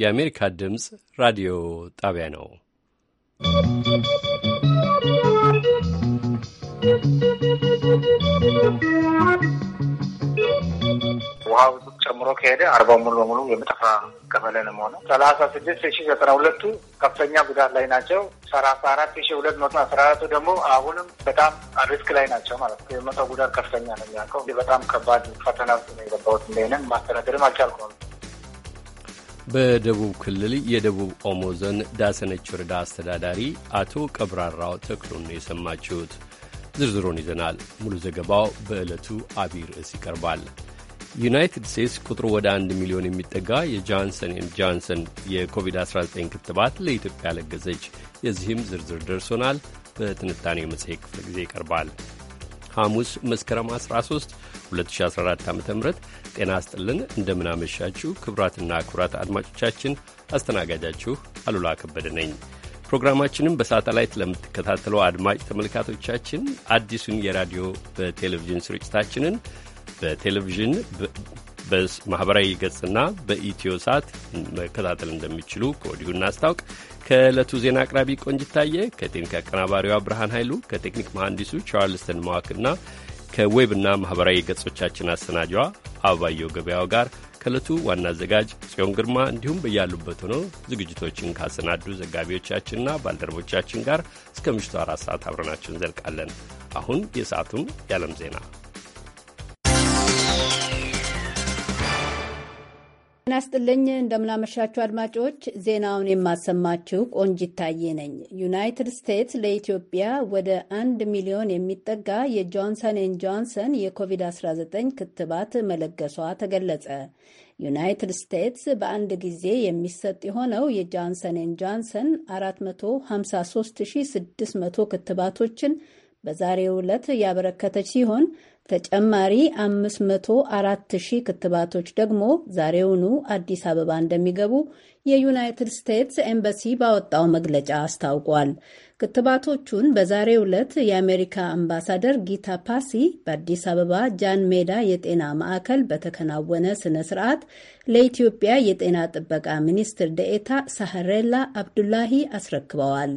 የአሜሪካ ድምፅ ራዲዮ ጣቢያ ነው። ውሃ ጨምሮ ከሄደ አርባው ሙሉ በሙሉ የሚጠፋ ቀበሌ ነው መሆኑ ሰላሳ ስድስት ሺ ዘጠና ሁለቱ ከፍተኛ ጉዳት ላይ ናቸው። ሰላሳ አራት ሺ ሁለት መቶ አስራ አራቱ ደግሞ አሁንም በጣም ሪስክ ላይ ናቸው ማለት ነው። የመጣው ጉዳት ከፍተኛ ነው። የሚያውቀው በጣም ከባድ ፈተና ውስጥ ነው የገባሁት። እንደሆነ ማስተዳደርም አልቻልኩም። በደቡብ ክልል የደቡብ ኦሞ ዞን ዳሰነች ወረዳ አስተዳዳሪ አቶ ቀብራራው ተክሎን ነው የሰማችሁት። ዝርዝሩን ይዘናል። ሙሉ ዘገባው በዕለቱ አቢይ ርዕስ ይቀርባል። ዩናይትድ ስቴትስ ቁጥሩ ወደ አንድ ሚሊዮን የሚጠጋ የጆንሰን ኤንድ ጆንሰን የኮቪድ-19 ክትባት ለኢትዮጵያ ለገሰች። የዚህም ዝርዝር ደርሶናል። በትንታኔው መጽሔት ክፍለ ጊዜ ይቀርባል። ሐሙስ መስከረም 13 2014 ዓ ም ጤና አስጥልን እንደምናመሻችሁ ክቡራትና ክቡራት አድማጮቻችን አስተናጋጃችሁ አሉላ ከበደ ነኝ። ፕሮግራማችንም በሳተላይት ለምትከታተሉ አድማጭ ተመልካቶቻችን አዲሱን የራዲዮ በቴሌቪዥን ስርጭታችንን በቴሌቪዥን በማኅበራዊ ገጽና በኢትዮ ሳት መከታተል እንደሚችሉ ከወዲሁ እናስታውቅ። ከዕለቱ ዜና አቅራቢ ቆንጅታየ፣ ከቴክኒክ አቀናባሪዋ ብርሃን ኃይሉ፣ ከቴክኒክ መሐንዲሱ ቻርልስተን መዋክና ከዌብና ማኅበራዊ ገጾቻችን አሰናጇ አበባየው ገበያው ጋር ከእለቱ ዋና አዘጋጅ ጽዮን ግርማ እንዲሁም በያሉበት ሆነው ዝግጅቶችን ካሰናዱ ዘጋቢዎቻችንና ባልደረቦቻችን ጋር እስከ ምሽቱ አራት ሰዓት አብረናችሁ እንዘልቃለን። አሁን የሰዓቱን የዓለም ዜና ጤና ይስጥልኝ እንደምናመሻችሁ አድማጮች፣ ዜናውን የማሰማችሁ ቆንጂት ታዬ ነኝ። ዩናይትድ ስቴትስ ለኢትዮጵያ ወደ አንድ ሚሊዮን የሚጠጋ የጆንሰን ኤን ጆንሰን የኮቪድ-19 ክትባት መለገሷ ተገለጸ። ዩናይትድ ስቴትስ በአንድ ጊዜ የሚሰጥ የሆነው የጆንሰን ኤን ጆንሰን 453600 ክትባቶችን በዛሬው ዕለት ያበረከተች ሲሆን ተጨማሪ 504 ሺህ ክትባቶች ደግሞ ዛሬውኑ አዲስ አበባ እንደሚገቡ የዩናይትድ ስቴትስ ኤምባሲ ባወጣው መግለጫ አስታውቋል። ክትባቶቹን በዛሬው ዕለት የአሜሪካ አምባሳደር ጊታ ፓሲ በአዲስ አበባ ጃን ሜዳ የጤና ማዕከል በተከናወነ ስነ ስርዓት ለኢትዮጵያ የጤና ጥበቃ ሚኒስትር ደኤታ ሳህሬላ አብዱላሂ አስረክበዋል።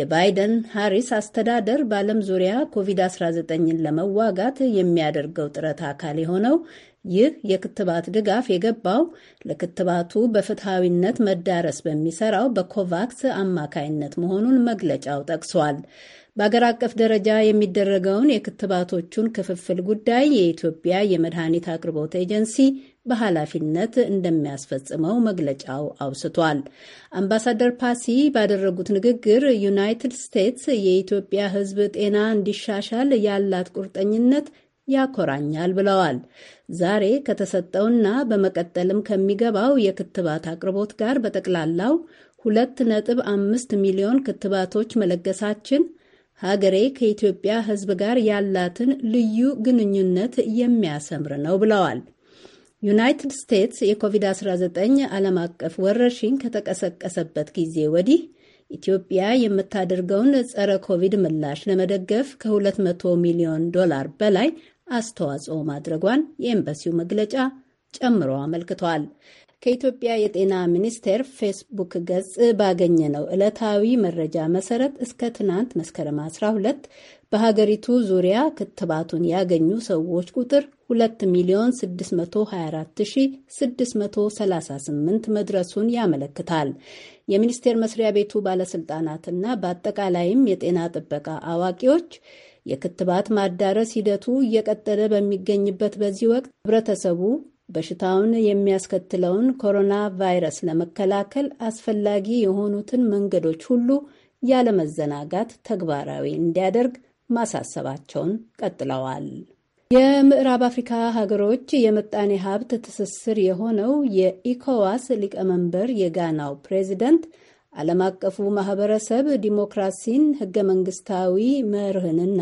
የባይደን ሃሪስ አስተዳደር በዓለም ዙሪያ ኮቪድ-19ን ለመዋጋት የሚያደርገው ጥረት አካል የሆነው ይህ የክትባት ድጋፍ የገባው ለክትባቱ በፍትሐዊነት መዳረስ በሚሰራው በኮቫክስ አማካይነት መሆኑን መግለጫው ጠቅሷል። በአገር አቀፍ ደረጃ የሚደረገውን የክትባቶቹን ክፍፍል ጉዳይ የኢትዮጵያ የመድኃኒት አቅርቦት ኤጀንሲ በኃላፊነት እንደሚያስፈጽመው መግለጫው አውስቷል። አምባሳደር ፓሲ ባደረጉት ንግግር ዩናይትድ ስቴትስ የኢትዮጵያ ሕዝብ ጤና እንዲሻሻል ያላት ቁርጠኝነት ያኮራኛል ብለዋል። ዛሬ ከተሰጠውና በመቀጠልም ከሚገባው የክትባት አቅርቦት ጋር በጠቅላላው ሁለት ነጥብ አምስት ሚሊዮን ክትባቶች መለገሳችን ሀገሬ ከኢትዮጵያ ሕዝብ ጋር ያላትን ልዩ ግንኙነት የሚያሰምር ነው ብለዋል። ዩናይትድ ስቴትስ የኮቪድ-19 ዓለም አቀፍ ወረርሽኝ ከተቀሰቀሰበት ጊዜ ወዲህ ኢትዮጵያ የምታደርገውን ጸረ ኮቪድ ምላሽ ለመደገፍ ከ200 ሚሊዮን ዶላር በላይ አስተዋጽኦ ማድረጓን የኤምባሲው መግለጫ ጨምሮ አመልክቷል። ከኢትዮጵያ የጤና ሚኒስቴር ፌስቡክ ገጽ ባገኘነው ዕለታዊ መረጃ መሰረት እስከ ትናንት መስከረም 12 በሀገሪቱ ዙሪያ ክትባቱን ያገኙ ሰዎች ቁጥር 2 ሚሊዮን 624638 መድረሱን ያመለክታል። የሚኒስቴር መስሪያ ቤቱ ባለስልጣናትና በአጠቃላይም የጤና ጥበቃ አዋቂዎች የክትባት ማዳረስ ሂደቱ እየቀጠለ በሚገኝበት በዚህ ወቅት ህብረተሰቡ በሽታውን የሚያስከትለውን ኮሮና ቫይረስ ለመከላከል አስፈላጊ የሆኑትን መንገዶች ሁሉ ያለመዘናጋት ተግባራዊ እንዲያደርግ ማሳሰባቸውን ቀጥለዋል። የምዕራብ አፍሪካ ሀገሮች የምጣኔ ሀብት ትስስር የሆነው የኢኮዋስ ሊቀመንበር የጋናው ፕሬዚደንት ዓለም አቀፉ ማህበረሰብ ዲሞክራሲን፣ ህገ መንግስታዊ መርህንና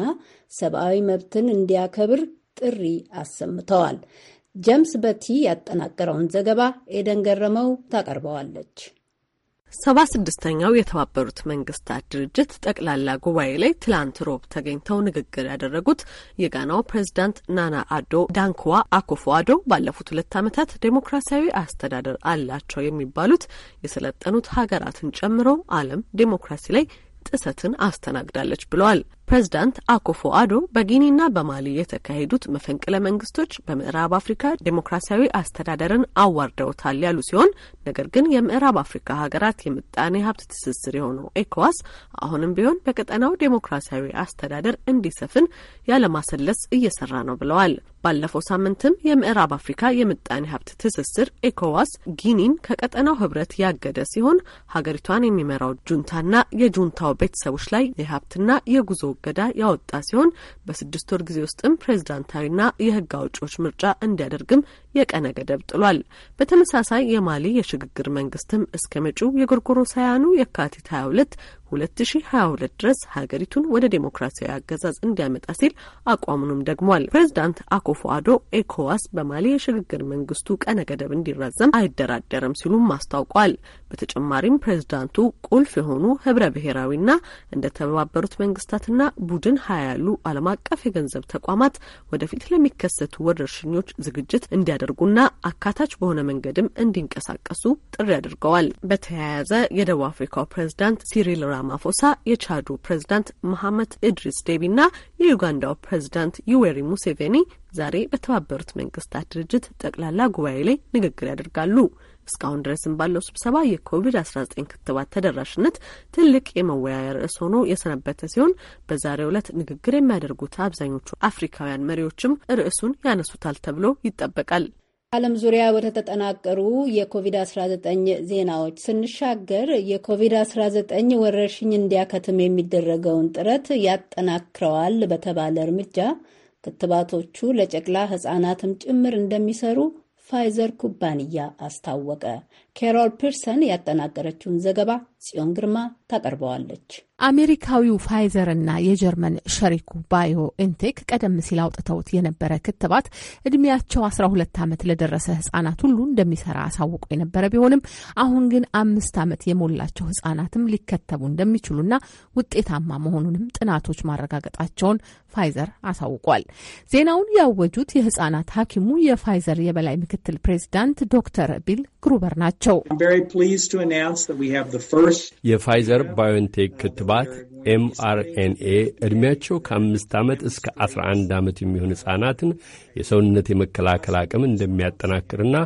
ሰብአዊ መብትን እንዲያከብር ጥሪ አሰምተዋል። ጀምስ በቲ ያጠናቀረውን ዘገባ ኤደን ገረመው ታቀርበዋለች። ሰባ ስድስተኛው የተባበሩት መንግስታት ድርጅት ጠቅላላ ጉባኤ ላይ ትላንት ሮብ ተገኝተው ንግግር ያደረጉት የጋናው ፕሬዚዳንት ናና አዶ ዳንክዋ አኮፎ አዶ ባለፉት ሁለት ዓመታት ዴሞክራሲያዊ አስተዳደር አላቸው የሚባሉት የሰለጠኑት ሀገራትን ጨምሮ ዓለም ዴሞክራሲ ላይ ጥሰትን አስተናግዳለች ብለዋል። ፕሬዝዳንት አኮፎ አዶ በጊኒና በማሊ የተካሄዱት መፈንቅለ መንግስቶች በምዕራብ አፍሪካ ዴሞክራሲያዊ አስተዳደርን አዋርደውታል ያሉ ሲሆን ነገር ግን የምዕራብ አፍሪካ ሀገራት የምጣኔ ሀብት ትስስር የሆነው ኤኮዋስ አሁንም ቢሆን በቀጠናው ዴሞክራሲያዊ አስተዳደር እንዲሰፍን ያለማሰለስ እየሰራ ነው ብለዋል። ባለፈው ሳምንትም የምዕራብ አፍሪካ የምጣኔ ሀብት ትስስር ኤኮዋስ ጊኒን ከቀጠናው ህብረት ያገደ ሲሆን ሀገሪቷን የሚመራው ጁንታና የጁንታው ቤተሰቦች ላይ የሀብትና የጉዞ እገዳ ያወጣ ሲሆን በስድስት ወር ጊዜ ውስጥም ፕሬዝዳንታዊና የህግ አውጪዎች ምርጫ እንዲያደርግም የቀነ ገደብ ጥሏል። በተመሳሳይ የማሊ የሽግግር መንግስትም እስከ መጪው የጎርጎሮሳውያኑ የካቲት 22 2022 ድረስ ሀገሪቱን ወደ ዴሞክራሲያዊ አገዛዝ እንዲያመጣ ሲል አቋሙንም ደግሟል። ፕሬዚዳንት አኮፎ አዶ ኤኮዋስ በማሊ የሽግግር መንግስቱ ቀነ ገደብ እንዲራዘም አይደራደርም ሲሉም አስታውቋል። በተጨማሪም ፕሬዝዳንቱ ቁልፍ የሆኑ ህብረ ብሔራዊና እንደ ተባበሩት መንግስታትና ቡድን ሀያ ያሉ ዓለም አቀፍ የገንዘብ ተቋማት ወደፊት ለሚከሰቱ ወረርሽኞች ዝግጅት እንዲያደርጉና አካታች በሆነ መንገድም እንዲንቀሳቀሱ ጥሪ አድርገዋል። በተያያዘ የደቡብ አፍሪካው ፕሬዝዳንት ሲሪል ራማፎሳ፣ የቻዱ ፕሬዝዳንት መሐመድ ኢድሪስ ዴቢና የዩጋንዳው ፕሬዝዳንት ዩዌሪ ሙሴቬኒ ዛሬ በተባበሩት መንግስታት ድርጅት ጠቅላላ ጉባኤ ላይ ንግግር ያደርጋሉ። እስካሁን ድረስም ባለው ስብሰባ የኮቪድ-19 ክትባት ተደራሽነት ትልቅ የመወያያ ርዕስ ሆኖ የሰነበተ ሲሆን በዛሬው ዕለት ንግግር የሚያደርጉት አብዛኞቹ አፍሪካውያን መሪዎችም ርዕሱን ያነሱታል ተብሎ ይጠበቃል። ዓለም ዙሪያ ወደ ተጠናቀሩ የኮቪድ-19 ዜናዎች ስንሻገር የኮቪድ-19 ወረርሽኝ እንዲያከትም የሚደረገውን ጥረት ያጠናክረዋል በተባለ እርምጃ ክትባቶቹ ለጨቅላ ሕፃናትም ጭምር እንደሚሰሩ ፋይዘር ኩባንያ አስታወቀ። ኬሮል ፒርሰን ያጠናቀረችውን ዘገባ ጽዮን ግርማ ታቀርበዋለች። አሜሪካዊው ፋይዘር እና የጀርመን ሸሪኩ ባዮ ኢንቴክ ቀደም ሲል አውጥተውት የነበረ ክትባት እድሜያቸው 12 ዓመት ለደረሰ ህጻናት ሁሉ እንደሚሰራ አሳውቆ የነበረ ቢሆንም አሁን ግን አምስት ዓመት የሞላቸው ህጻናትም ሊከተቡ እንደሚችሉና ውጤታማ መሆኑንም ጥናቶች ማረጋገጣቸውን ፋይዘር አሳውቋል። ዜናውን ያወጁት የህጻናት ሐኪሙ የፋይዘር የበላይ ምክትል ፕሬዚዳንት ዶክተር ቢል ግሩበር ናቸው። ናቸው። የፋይዘር ባዮንቴክ ክትባት ኤምአርኤንኤ ዕድሜያቸው ከአምስት ዓመት እስከ 11 ዓመት የሚሆኑ ሕፃናትን የሰውነት የመከላከል አቅም እንደሚያጠናክርና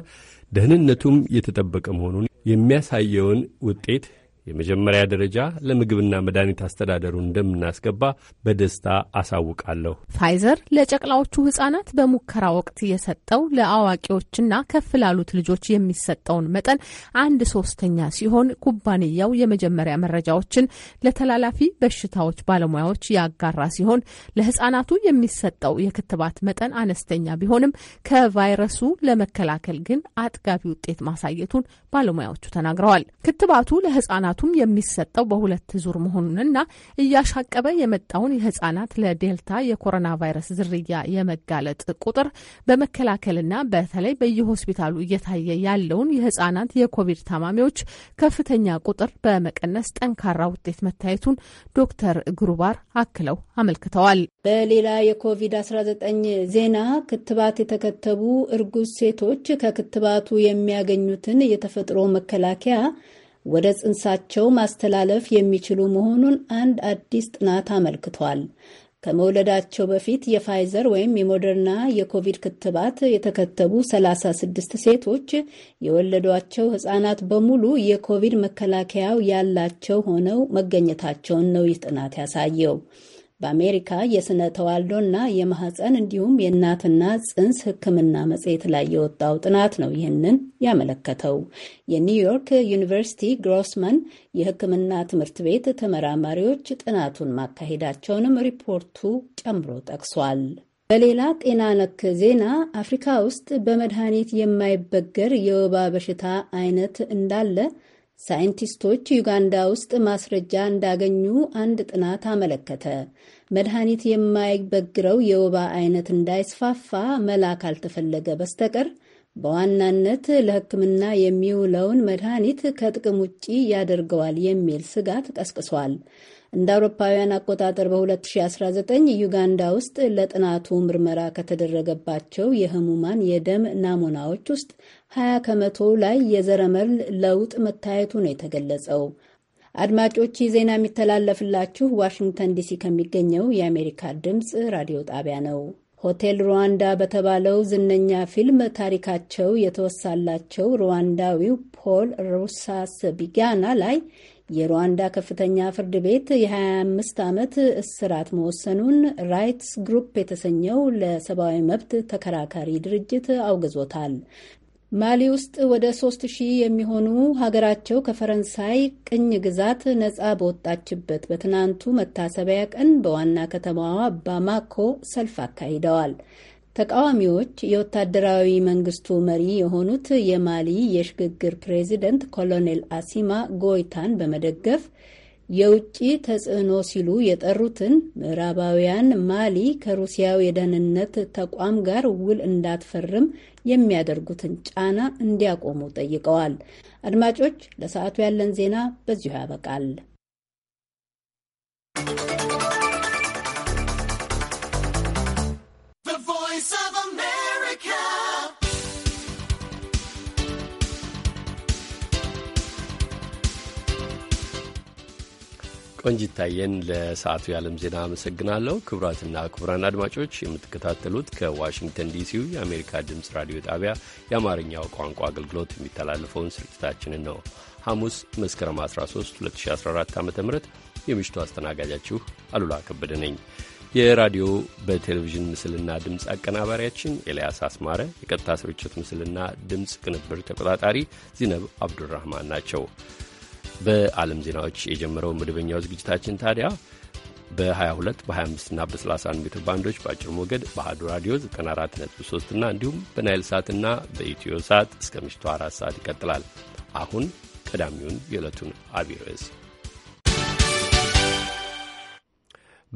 ደህንነቱም የተጠበቀ መሆኑን የሚያሳየውን ውጤት የመጀመሪያ ደረጃ ለምግብና መድኃኒት አስተዳደሩ እንደምናስገባ በደስታ አሳውቃለሁ። ፋይዘር ለጨቅላዎቹ ህጻናት በሙከራ ወቅት የሰጠው ለአዋቂዎችና ከፍ ላሉት ልጆች የሚሰጠውን መጠን አንድ ሶስተኛ ሲሆን ኩባንያው የመጀመሪያ መረጃዎችን ለተላላፊ በሽታዎች ባለሙያዎች ያጋራ ሲሆን ለህጻናቱ የሚሰጠው የክትባት መጠን አነስተኛ ቢሆንም ከቫይረሱ ለመከላከል ግን አጥጋቢ ውጤት ማሳየቱን ባለሙያዎቹ ተናግረዋል። ክትባቱ ለህጻናቱ ክትባቱም የሚሰጠው በሁለት ዙር መሆኑንና እያሻቀበ የመጣውን የህጻናት ለዴልታ የኮሮና ቫይረስ ዝርያ የመጋለጥ ቁጥር በመከላከልና በተለይ በየሆስፒታሉ እየታየ ያለውን የህጻናት የኮቪድ ታማሚዎች ከፍተኛ ቁጥር በመቀነስ ጠንካራ ውጤት መታየቱን ዶክተር ግሩባር አክለው አመልክተዋል። በሌላ የኮቪድ-19 ዜና ክትባት የተከተቡ እርጉዝ ሴቶች ከክትባቱ የሚያገኙትን የተፈጥሮ መከላከያ ወደ ጽንሳቸው ማስተላለፍ የሚችሉ መሆኑን አንድ አዲስ ጥናት አመልክቷል። ከመውለዳቸው በፊት የፋይዘር ወይም የሞደርና የኮቪድ ክትባት የተከተቡ 36 ሴቶች የወለዷቸው ሕፃናት በሙሉ የኮቪድ መከላከያው ያላቸው ሆነው መገኘታቸውን ነው ይህ ጥናት ያሳየው። በአሜሪካ የሥነ ተዋልዶና የማህፀን እንዲሁም የእናትና ጽንስ ሕክምና መጽሔት ላይ የወጣው ጥናት ነው ይህንን ያመለከተው። የኒውዮርክ ዩኒቨርሲቲ ግሮስማን የሕክምና ትምህርት ቤት ተመራማሪዎች ጥናቱን ማካሄዳቸውንም ሪፖርቱ ጨምሮ ጠቅሷል። በሌላ ጤና ነክ ዜና አፍሪካ ውስጥ በመድኃኒት የማይበገር የወባ በሽታ አይነት እንዳለ ሳይንቲስቶች ዩጋንዳ ውስጥ ማስረጃ እንዳገኙ አንድ ጥናት አመለከተ። መድኃኒት የማይበግረው የወባ አይነት እንዳይስፋፋ መላ ካልተፈለገ በስተቀር በዋናነት ለሕክምና የሚውለውን መድኃኒት ከጥቅም ውጪ ያደርገዋል የሚል ስጋት ቀስቅሷል። እንደ አውሮፓውያን አቆጣጠር በ2019 ዩጋንዳ ውስጥ ለጥናቱ ምርመራ ከተደረገባቸው የህሙማን የደም ናሙናዎች ውስጥ 20 ከመቶ ላይ የዘረመል ለውጥ መታየቱ ነው የተገለጸው። አድማጮች ዜና የሚተላለፍላችሁ ዋሽንግተን ዲሲ ከሚገኘው የአሜሪካ ድምፅ ራዲዮ ጣቢያ ነው። ሆቴል ሩዋንዳ በተባለው ዝነኛ ፊልም ታሪካቸው የተወሳላቸው ሩዋንዳዊው ፖል ሩሳስ ቢጋና ላይ የሩዋንዳ ከፍተኛ ፍርድ ቤት የ25 ዓመት እስራት መወሰኑን ራይትስ ግሩፕ የተሰኘው ለሰብአዊ መብት ተከራካሪ ድርጅት አውግዞታል። ማሊ ውስጥ ወደ ሶስት ሺህ የሚሆኑ ሀገራቸው ከፈረንሳይ ቅኝ ግዛት ነጻ በወጣችበት በትናንቱ መታሰቢያ ቀን በዋና ከተማዋ ባማኮ ሰልፍ አካሂደዋል። ተቃዋሚዎች የወታደራዊ መንግስቱ መሪ የሆኑት የማሊ የሽግግር ፕሬዚደንት ኮሎኔል አሲማ ጎይታን በመደገፍ የውጭ ተጽዕኖ ሲሉ የጠሩትን ምዕራባውያን ማሊ ከሩሲያው የደህንነት ተቋም ጋር ውል እንዳትፈርም የሚያደርጉትን ጫና እንዲያቆሙ ጠይቀዋል። አድማጮች፣ ለሰዓቱ ያለን ዜና በዚሁ ያበቃል። ቆንጅታየን ለሰዓቱ የዓለም ዜና አመሰግናለሁ። ክቡራትና ክቡራን አድማጮች የምትከታተሉት ከዋሽንግተን ዲሲው የአሜሪካ ድምፅ ራዲዮ ጣቢያ የአማርኛው ቋንቋ አገልግሎት የሚተላለፈውን ስርጭታችንን ነው። ሐሙስ መስከረም 13 2014 ዓ ም የምሽቱ አስተናጋጃችሁ አሉላ ከበደ ነኝ። የራዲዮ በቴሌቪዥን ምስልና ድምፅ አቀናባሪያችን ኤልያስ አስማረ፣ የቀጥታ ስርጭት ምስልና ድምፅ ቅንብር ተቆጣጣሪ ዚነብ አብዱራህማን ናቸው። በዓለም ዜናዎች የጀመረው መደበኛው ዝግጅታችን ታዲያ በ22 በ25 እና በ31 ሜትር ባንዶች በአጭር ሞገድ በአሀዱ ራዲዮ 94.3 እና እንዲሁም በናይል ሳትና በኢትዮ ሳት እስከ ምሽቱ አራት ሰዓት ይቀጥላል። አሁን ቀዳሚውን የዕለቱን አብይ ርዕስ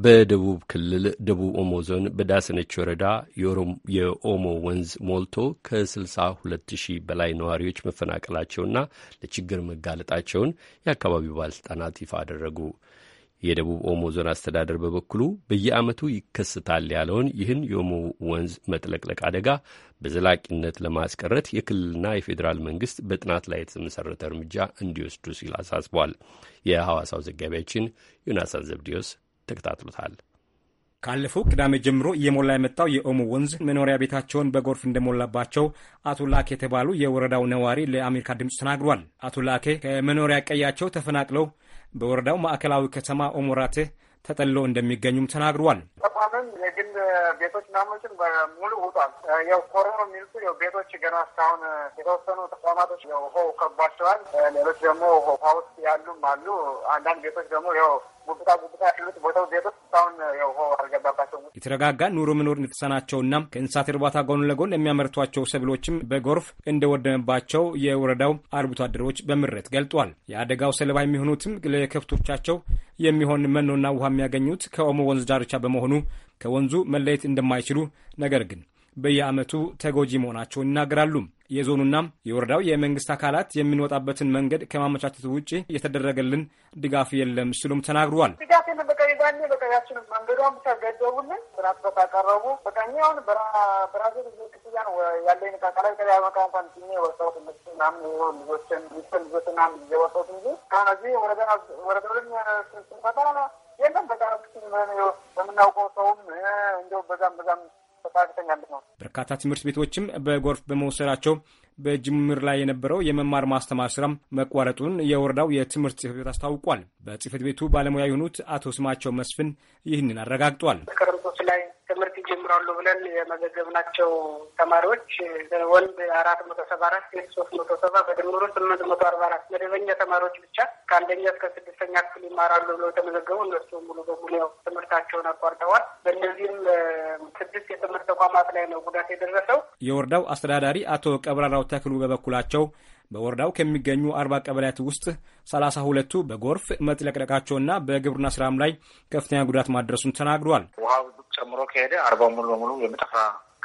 በደቡብ ክልል ደቡብ ኦሞ ዞን በዳሰነች ወረዳ የኦሞ ወንዝ ሞልቶ ከ62 ሺህ በላይ ነዋሪዎች መፈናቀላቸውና ለችግር መጋለጣቸውን የአካባቢው ባለሥልጣናት ይፋ አደረጉ። የደቡብ ኦሞ ዞን አስተዳደር በበኩሉ በየዓመቱ ይከሰታል ያለውን ይህን የኦሞ ወንዝ መጥለቅለቅ አደጋ በዘላቂነት ለማስቀረት የክልልና የፌዴራል መንግስት በጥናት ላይ የተመሠረተ እርምጃ እንዲወስዱ ሲል አሳስቧል። የሐዋሳው ዘጋቢያችን ዮናሳን ዘብዲዮስ ተከታትሎታል። ካለፈው ቅዳሜ ጀምሮ እየሞላ የመጣው የኦሞ ወንዝ መኖሪያ ቤታቸውን በጎርፍ እንደሞላባቸው አቶ ላኬ የተባሉ የወረዳው ነዋሪ ለአሜሪካ ድምፅ ተናግሯል። አቶ ላኬ ከመኖሪያ ቀያቸው ተፈናቅለው በወረዳው ማዕከላዊ ከተማ ኦሞራቴ ተጠልለው እንደሚገኙም ተናግሯል። ተቋምም የግል ቤቶች ናምችን በሙሉ ውጧል። ያው ኮሮኖ የሚሉት ያው ቤቶች ገና እስካሁን የተወሰኑ ተቋማቶች ውሃው ከቧቸዋል። ሌሎች ደግሞ ውሃ ውስጥ ያሉም አሉ። አንዳንድ ቤቶች ደግሞ ያው ጉብታ ጉብታ ያሉት ቦታው እስካሁን አልገባባቸው የተረጋጋ ኑሮ መኖር እንደተሳናቸውና ከእንስሳት እርባታ ጎን ለጎን የሚያመርቷቸው ሰብሎችም በጎርፍ እንደወደመባቸው የወረዳው አርብቶ አደሮች በምሬት ገልጧል። የአደጋው ሰለባ የሚሆኑትም ለከብቶቻቸው የሚሆን መኖና ውሃ የሚያገኙት ከኦሞ ወንዝ ዳርቻ በመሆኑ ከወንዙ መለየት እንደማይችሉ ነገር ግን በየዓመቱ ተጎጂ መሆናቸውን ይናገራሉ። የዞኑና የወረዳው የመንግስት አካላት የምንወጣበትን መንገድ ከማመቻቸት ውጭ የተደረገልን ድጋፍ የለም ሲሉም ተናግረዋል። ድጋፍን በቃ የዛኔ በቃ መንገዷን ብቻ ገደቡልን። ብራት በቃ ቀረቡ በቃ እኛውን ብራዚል ክፍያ ነው ያለኝ ዕቃ ቀላይ ቀላይ እንኳን ጭኜ የወጣሁት ምናምን ልጆችን ሚስል እንጂ ከነዚህ ወረዳ የለም በቃ በምናውቀው ሰውም በዛም በዛም በርካታ ትምህርት ቤቶችም በጎርፍ በመወሰዳቸው በጅምር ላይ የነበረው የመማር ማስተማር ስራ መቋረጡን የወረዳው የትምህርት ጽህፈት ቤት አስታውቋል። በጽህፈት ቤቱ ባለሙያ የሆኑት አቶ ስማቸው መስፍን ይህንን አረጋግጧል። ክረምቶች ላይ ትምህርት ይጀምራሉ ብለን የመዘገብናቸው ተማሪዎች ወንድ አራት መቶ ሰባ አራት ሴት ሶስት መቶ ሰባ በድምሩ ስምንት መቶ አርባ አራት መደበኛ ተማሪዎች ብቻ ከአንደኛ እስከ ስድስተኛ ክፍል ይማራሉ ብለው የተመዘገቡ እነሱ ሙሉ በሙሉ ያው ትምህርታቸውን አቋርጠዋል። በእነዚህም ስድስት የትምህርት ተቋማት ላይ ነው ጉዳት የደረሰው። የወረዳው አስተዳዳሪ አቶ ቀብራራው ተክሉ በበኩላቸው በወረዳው ከሚገኙ አርባ ቀበሌያት ውስጥ ሰላሳ ሁለቱ በጎርፍ መጥለቅለቃቸውና በግብርና ስራም ላይ ከፍተኛ ጉዳት ማድረሱን ተናግሯል። ውሃ ጨምሮ ከሄደ አርባው ሙሉ በሙሉ የሚጠፋ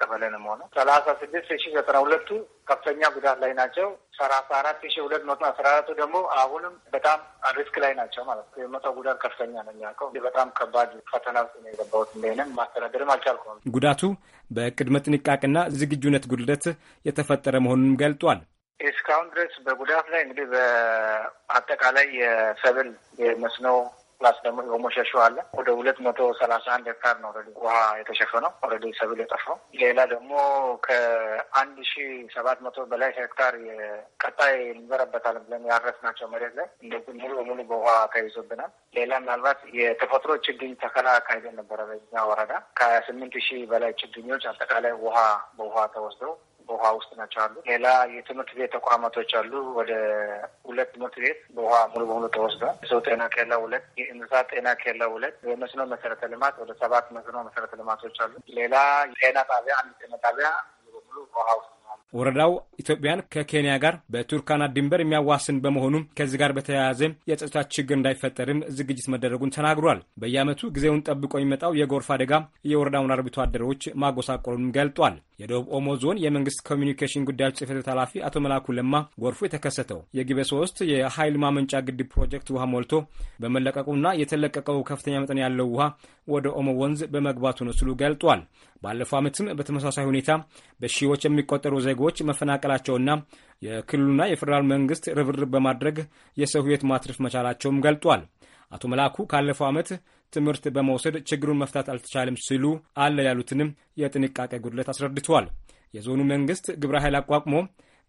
ቀበሌ ነው የሚሆነው። ሰላሳ ስድስት ሺ ዘጠና ሁለቱ ከፍተኛ ጉዳት ላይ ናቸው። ሰላሳ አራት ሺ ሁለት መቶ አስራ አራቱ ደግሞ አሁንም በጣም ሪስክ ላይ ናቸው ማለት ነው። የመቶ ጉዳት ከፍተኛ ነው የሚያውቀው። በጣም ከባድ ፈተና ውስጥ ነው የገባሁት። እንደይንም ማስተዳደርም አልቻልኩም። ጉዳቱ በቅድመ ጥንቃቄና ዝግጁነት ጉድለት የተፈጠረ መሆኑንም ገልጧል። እስካሁን ድረስ በጉዳት ላይ እንግዲህ በአጠቃላይ የሰብል የመስኖ ፕላስ ደግሞ የሞሸሹ አለ ወደ ሁለት መቶ ሰላሳ አንድ ሄክታር ነው ረዲ ውሃ የተሸፈነው ረዲ ሰብል የጠፋው። ሌላ ደግሞ ከአንድ ሺ ሰባት መቶ በላይ ሄክታር ቀጣይ እንዘረበታለን ብለን ናቸው መሬት ላይ እንደዚህ ሙሉ በሙሉ በውሃ ተይዞብናል። ሌላ ምናልባት የተፈጥሮ ችግኝ ተከላ አካሄደ ነበረ በኛ ወረዳ ከሀያ ስምንት ሺህ በላይ ችግኞች አጠቃላይ ውሃ በውሃ ተወስደው በውሃ ውስጥ ናቸው አሉ። ሌላ የትምህርት ቤት ተቋማቶች አሉ። ወደ ሁለት ትምህርት ቤት በውሃ ሙሉ በሙሉ ተወስዷል። የሰው ጤና ኬላ ሁለት፣ የእንስሳት ጤና ኬላ ሁለት፣ የመስኖ መሰረተ ልማት ወደ ሰባት መስኖ መሰረተ ልማቶች አሉ። ሌላ ጤና ጣቢያ አንድ ጤና ጣቢያ ሙሉ በሙሉ በውሃ ውስጥ ወረዳው ኢትዮጵያን ከኬንያ ጋር በቱርካና ድንበር የሚያዋስን በመሆኑም ከዚህ ጋር በተያያዘ የጸጥታ ችግር እንዳይፈጠርም ዝግጅት መደረጉን ተናግሯል። በየዓመቱ ጊዜውን ጠብቆ የሚመጣው የጎርፍ አደጋ የወረዳውን አርብቶ አደሮች ማጎሳቆሉንም ገልጧል። የደቡብ ኦሞ ዞን የመንግስት ኮሚኒኬሽን ጉዳዮች ጽሕፈት ቤት ኃላፊ አቶ መላኩ ለማ ጎርፉ የተከሰተው የግበ ሶስት የኃይል ማመንጫ ግድብ ፕሮጀክት ውሃ ሞልቶ በመለቀቁና የተለቀቀው ከፍተኛ መጠን ያለው ውሃ ወደ ኦሞ ወንዝ በመግባቱ ነው ሲሉ ገልጧል። ባለፈው ዓመትም በተመሳሳይ ሁኔታ በሺዎች የሚቆጠሩ ዜጎች መፈናቀላቸውና የክልሉና የፌዴራል መንግስት ርብርብ በማድረግ የሰው ህይወት ማትረፍ መቻላቸውም ገልጧል። አቶ መላኩ ካለፈው ዓመት ትምህርት በመውሰድ ችግሩን መፍታት አልተቻለም ሲሉ አለ ያሉትንም የጥንቃቄ ጉድለት አስረድተዋል። የዞኑ መንግስት ግብረ ኃይል አቋቁሞ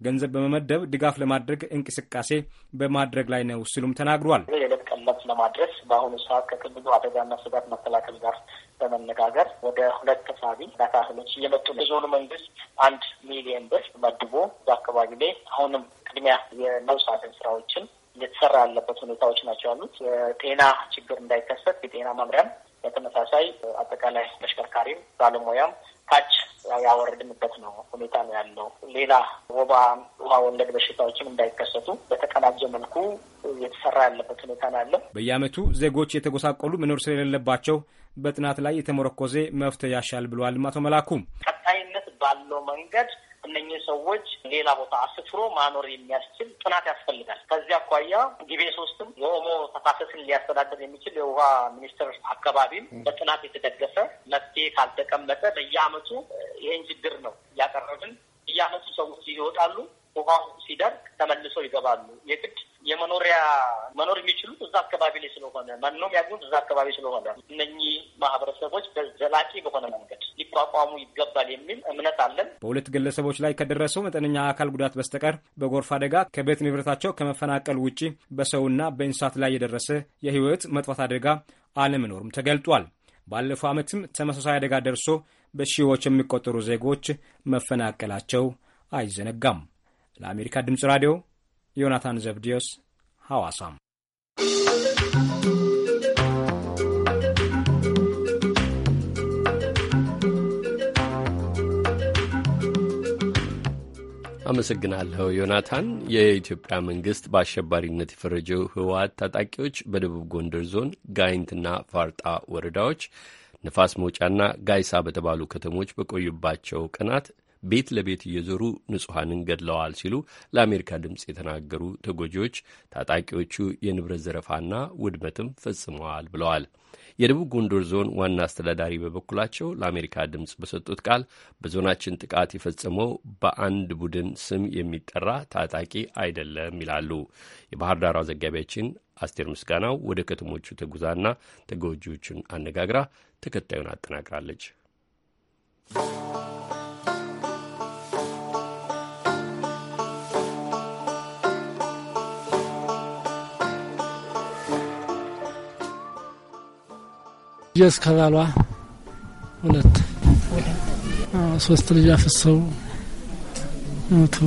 ገንዘብ በመመደብ ድጋፍ ለማድረግ እንቅስቃሴ በማድረግ ላይ ነው ሲሉም ተናግሯል። የዕለት ቀለብ ለማድረስ በአሁኑ ሰዓት ከክልሉ አደጋና ስጋት መከላከል ጋር በመነጋገር ወደ ሁለት ተሳቢ ዳካህሎች እየመጡ ነው። የዞኑ መንግስት አንድ ሚሊዮን ብር መድቦ በአካባቢ ላይ አሁንም ቅድሚያ የመውሳትን ስራዎችን እየተሰራ ያለበት ሁኔታዎች ናቸው ያሉት። የጤና ችግር እንዳይከሰት የጤና መምሪያም በተመሳሳይ አጠቃላይ ተሽከርካሪም ባለሙያም ታች ያወረድንበት ነው ሁኔታ ነው ያለው። ሌላ ወባ፣ ውሃ ወለድ በሽታዎችም እንዳይከሰቱ በተቀናጀ መልኩ እየተሰራ ያለበት ሁኔታ ነው ያለው። በየአመቱ ዜጎች የተጎሳቆሉ መኖር ስለሌለባቸው በጥናት ላይ የተመረኮዘ መፍትሄ ያሻል ብለዋል አቶ መላኩ ቀጣይነት ባለው መንገድ እነኚህ ሰዎች ሌላ ቦታ አስፍሮ ማኖር የሚያስችል ጥናት ያስፈልጋል። ከዚህ አኳያ ጊቤ ሶስትም የኦሞ ተፋሰስን ሊያስተዳደር የሚችል የውሃ ሚኒስቴር አካባቢም በጥናት የተደገፈ መፍትሄ ካልተቀመጠ በየአመቱ ይህን ችግር ነው እያቀረብን እያመቱ ሰዎች ይወጣሉ። ውሃ ሲደርቅ ተመልሶ ይገባሉ። የግድ የመኖሪያ መኖር የሚችሉት እዛ አካባቢ ላይ ስለሆነ መኖም የሚያገኙት እዛ አካባቢ ስለሆነ እነኚህ ማህበረሰቦች በዘላቂ በሆነ መንገድ ሊቋቋሙ ይገባል የሚል እምነት አለን። በሁለት ግለሰቦች ላይ ከደረሰው መጠነኛ አካል ጉዳት በስተቀር በጎርፍ አደጋ ከቤት ንብረታቸው ከመፈናቀል ውጪ በሰውና በእንስሳት ላይ የደረሰ የህይወት መጥፋት አደጋ አለመኖርም ተገልጧል። ባለፈው ዓመትም ተመሳሳይ አደጋ ደርሶ በሺዎች የሚቆጠሩ ዜጎች መፈናቀላቸው አይዘነጋም። ለአሜሪካ ድምፅ ራዲዮ ዮናታን ዘብዲዮስ ሐዋሳም አመሰግናለሁ ዮናታን። የኢትዮጵያ መንግስት በአሸባሪነት የፈረጀው ህወሓት ታጣቂዎች በደቡብ ጎንደር ዞን ጋይንትና ፋርጣ ወረዳዎች ነፋስ መውጫና ጋይሳ በተባሉ ከተሞች በቆዩባቸው ቀናት ቤት ለቤት እየዞሩ ንጹሐንን ገድለዋል ሲሉ ለአሜሪካ ድምፅ የተናገሩ ተጎጂዎች ታጣቂዎቹ የንብረት ዘረፋና ውድመትም ፈጽመዋል ብለዋል። የደቡብ ጎንደር ዞን ዋና አስተዳዳሪ በበኩላቸው ለአሜሪካ ድምፅ በሰጡት ቃል በዞናችን ጥቃት የፈጸመው በአንድ ቡድን ስም የሚጠራ ታጣቂ አይደለም ይላሉ። የባህር ዳሯ ዘጋቢያችን አስቴር ምስጋናው ወደ ከተሞቹ ተጉዛና ተጎጂዎቹን አነጋግራ ተከታዩን አጠናቅራለች። ልጆስ ከባሏ ሁለት ሶስት ልጅ አፍሰው ሞቱ።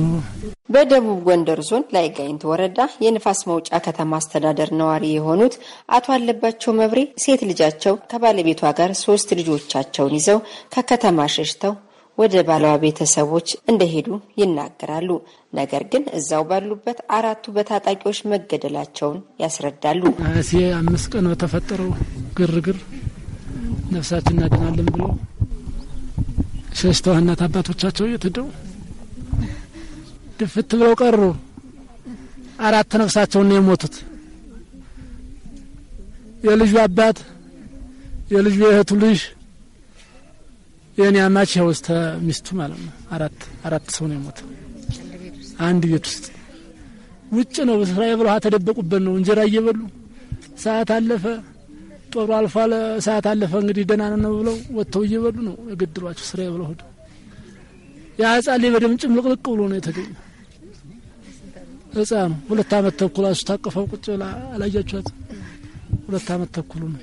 በደቡብ ጎንደር ዞን ላይ ጋይንት ወረዳ የንፋስ መውጫ ከተማ አስተዳደር ነዋሪ የሆኑት አቶ አለባቸው መብሬ ሴት ልጃቸው ከባለቤቷ ጋር ሶስት ልጆቻቸውን ይዘው ከከተማ ሸሽተው ወደ ባለዋ ቤተሰቦች እንደሄዱ ይናገራሉ። ነገር ግን እዛው ባሉበት አራቱ በታጣቂዎች መገደላቸውን ያስረዳሉ። አምስት ቀን በተፈጠረው ግርግር ነፍሳችን እናድናለን ብሎ ሸሽተው እናት አባቶቻቸው የትደው ድፍት ብለው ቀሩ። አራት ነፍሳቸውን ነው የሞቱት። የልጁ አባት፣ የልጁ የእህቱ ልጅ፣ የእኔ አማች ይኸው ሚስቱ ማለት ነው። አራት አራት ሰው ነው የሞተው አንድ ቤት ውስጥ። ውጭ ነው ስራ የብለው ተደበቁበት ነው እንጀራ እየበሉ ሰዓት አለፈ። ጦሩ አልፏል፣ ሰዓት አለፈ፣ እንግዲህ ደህና ነን ነው ብለው ወጥተው እየበሉ ነው የገድሏቸው። ስራ ብለው ሄዱ። ያ ህጻን በደም ጭምልቅልቅ ብሎ ነው የተገኘ ህጻኑ ሁለት አመት ተኩል አሱ ታቀፈው ቁጭ ብላ አላያችኋት? ሁለት አመት ተኩሉ ነው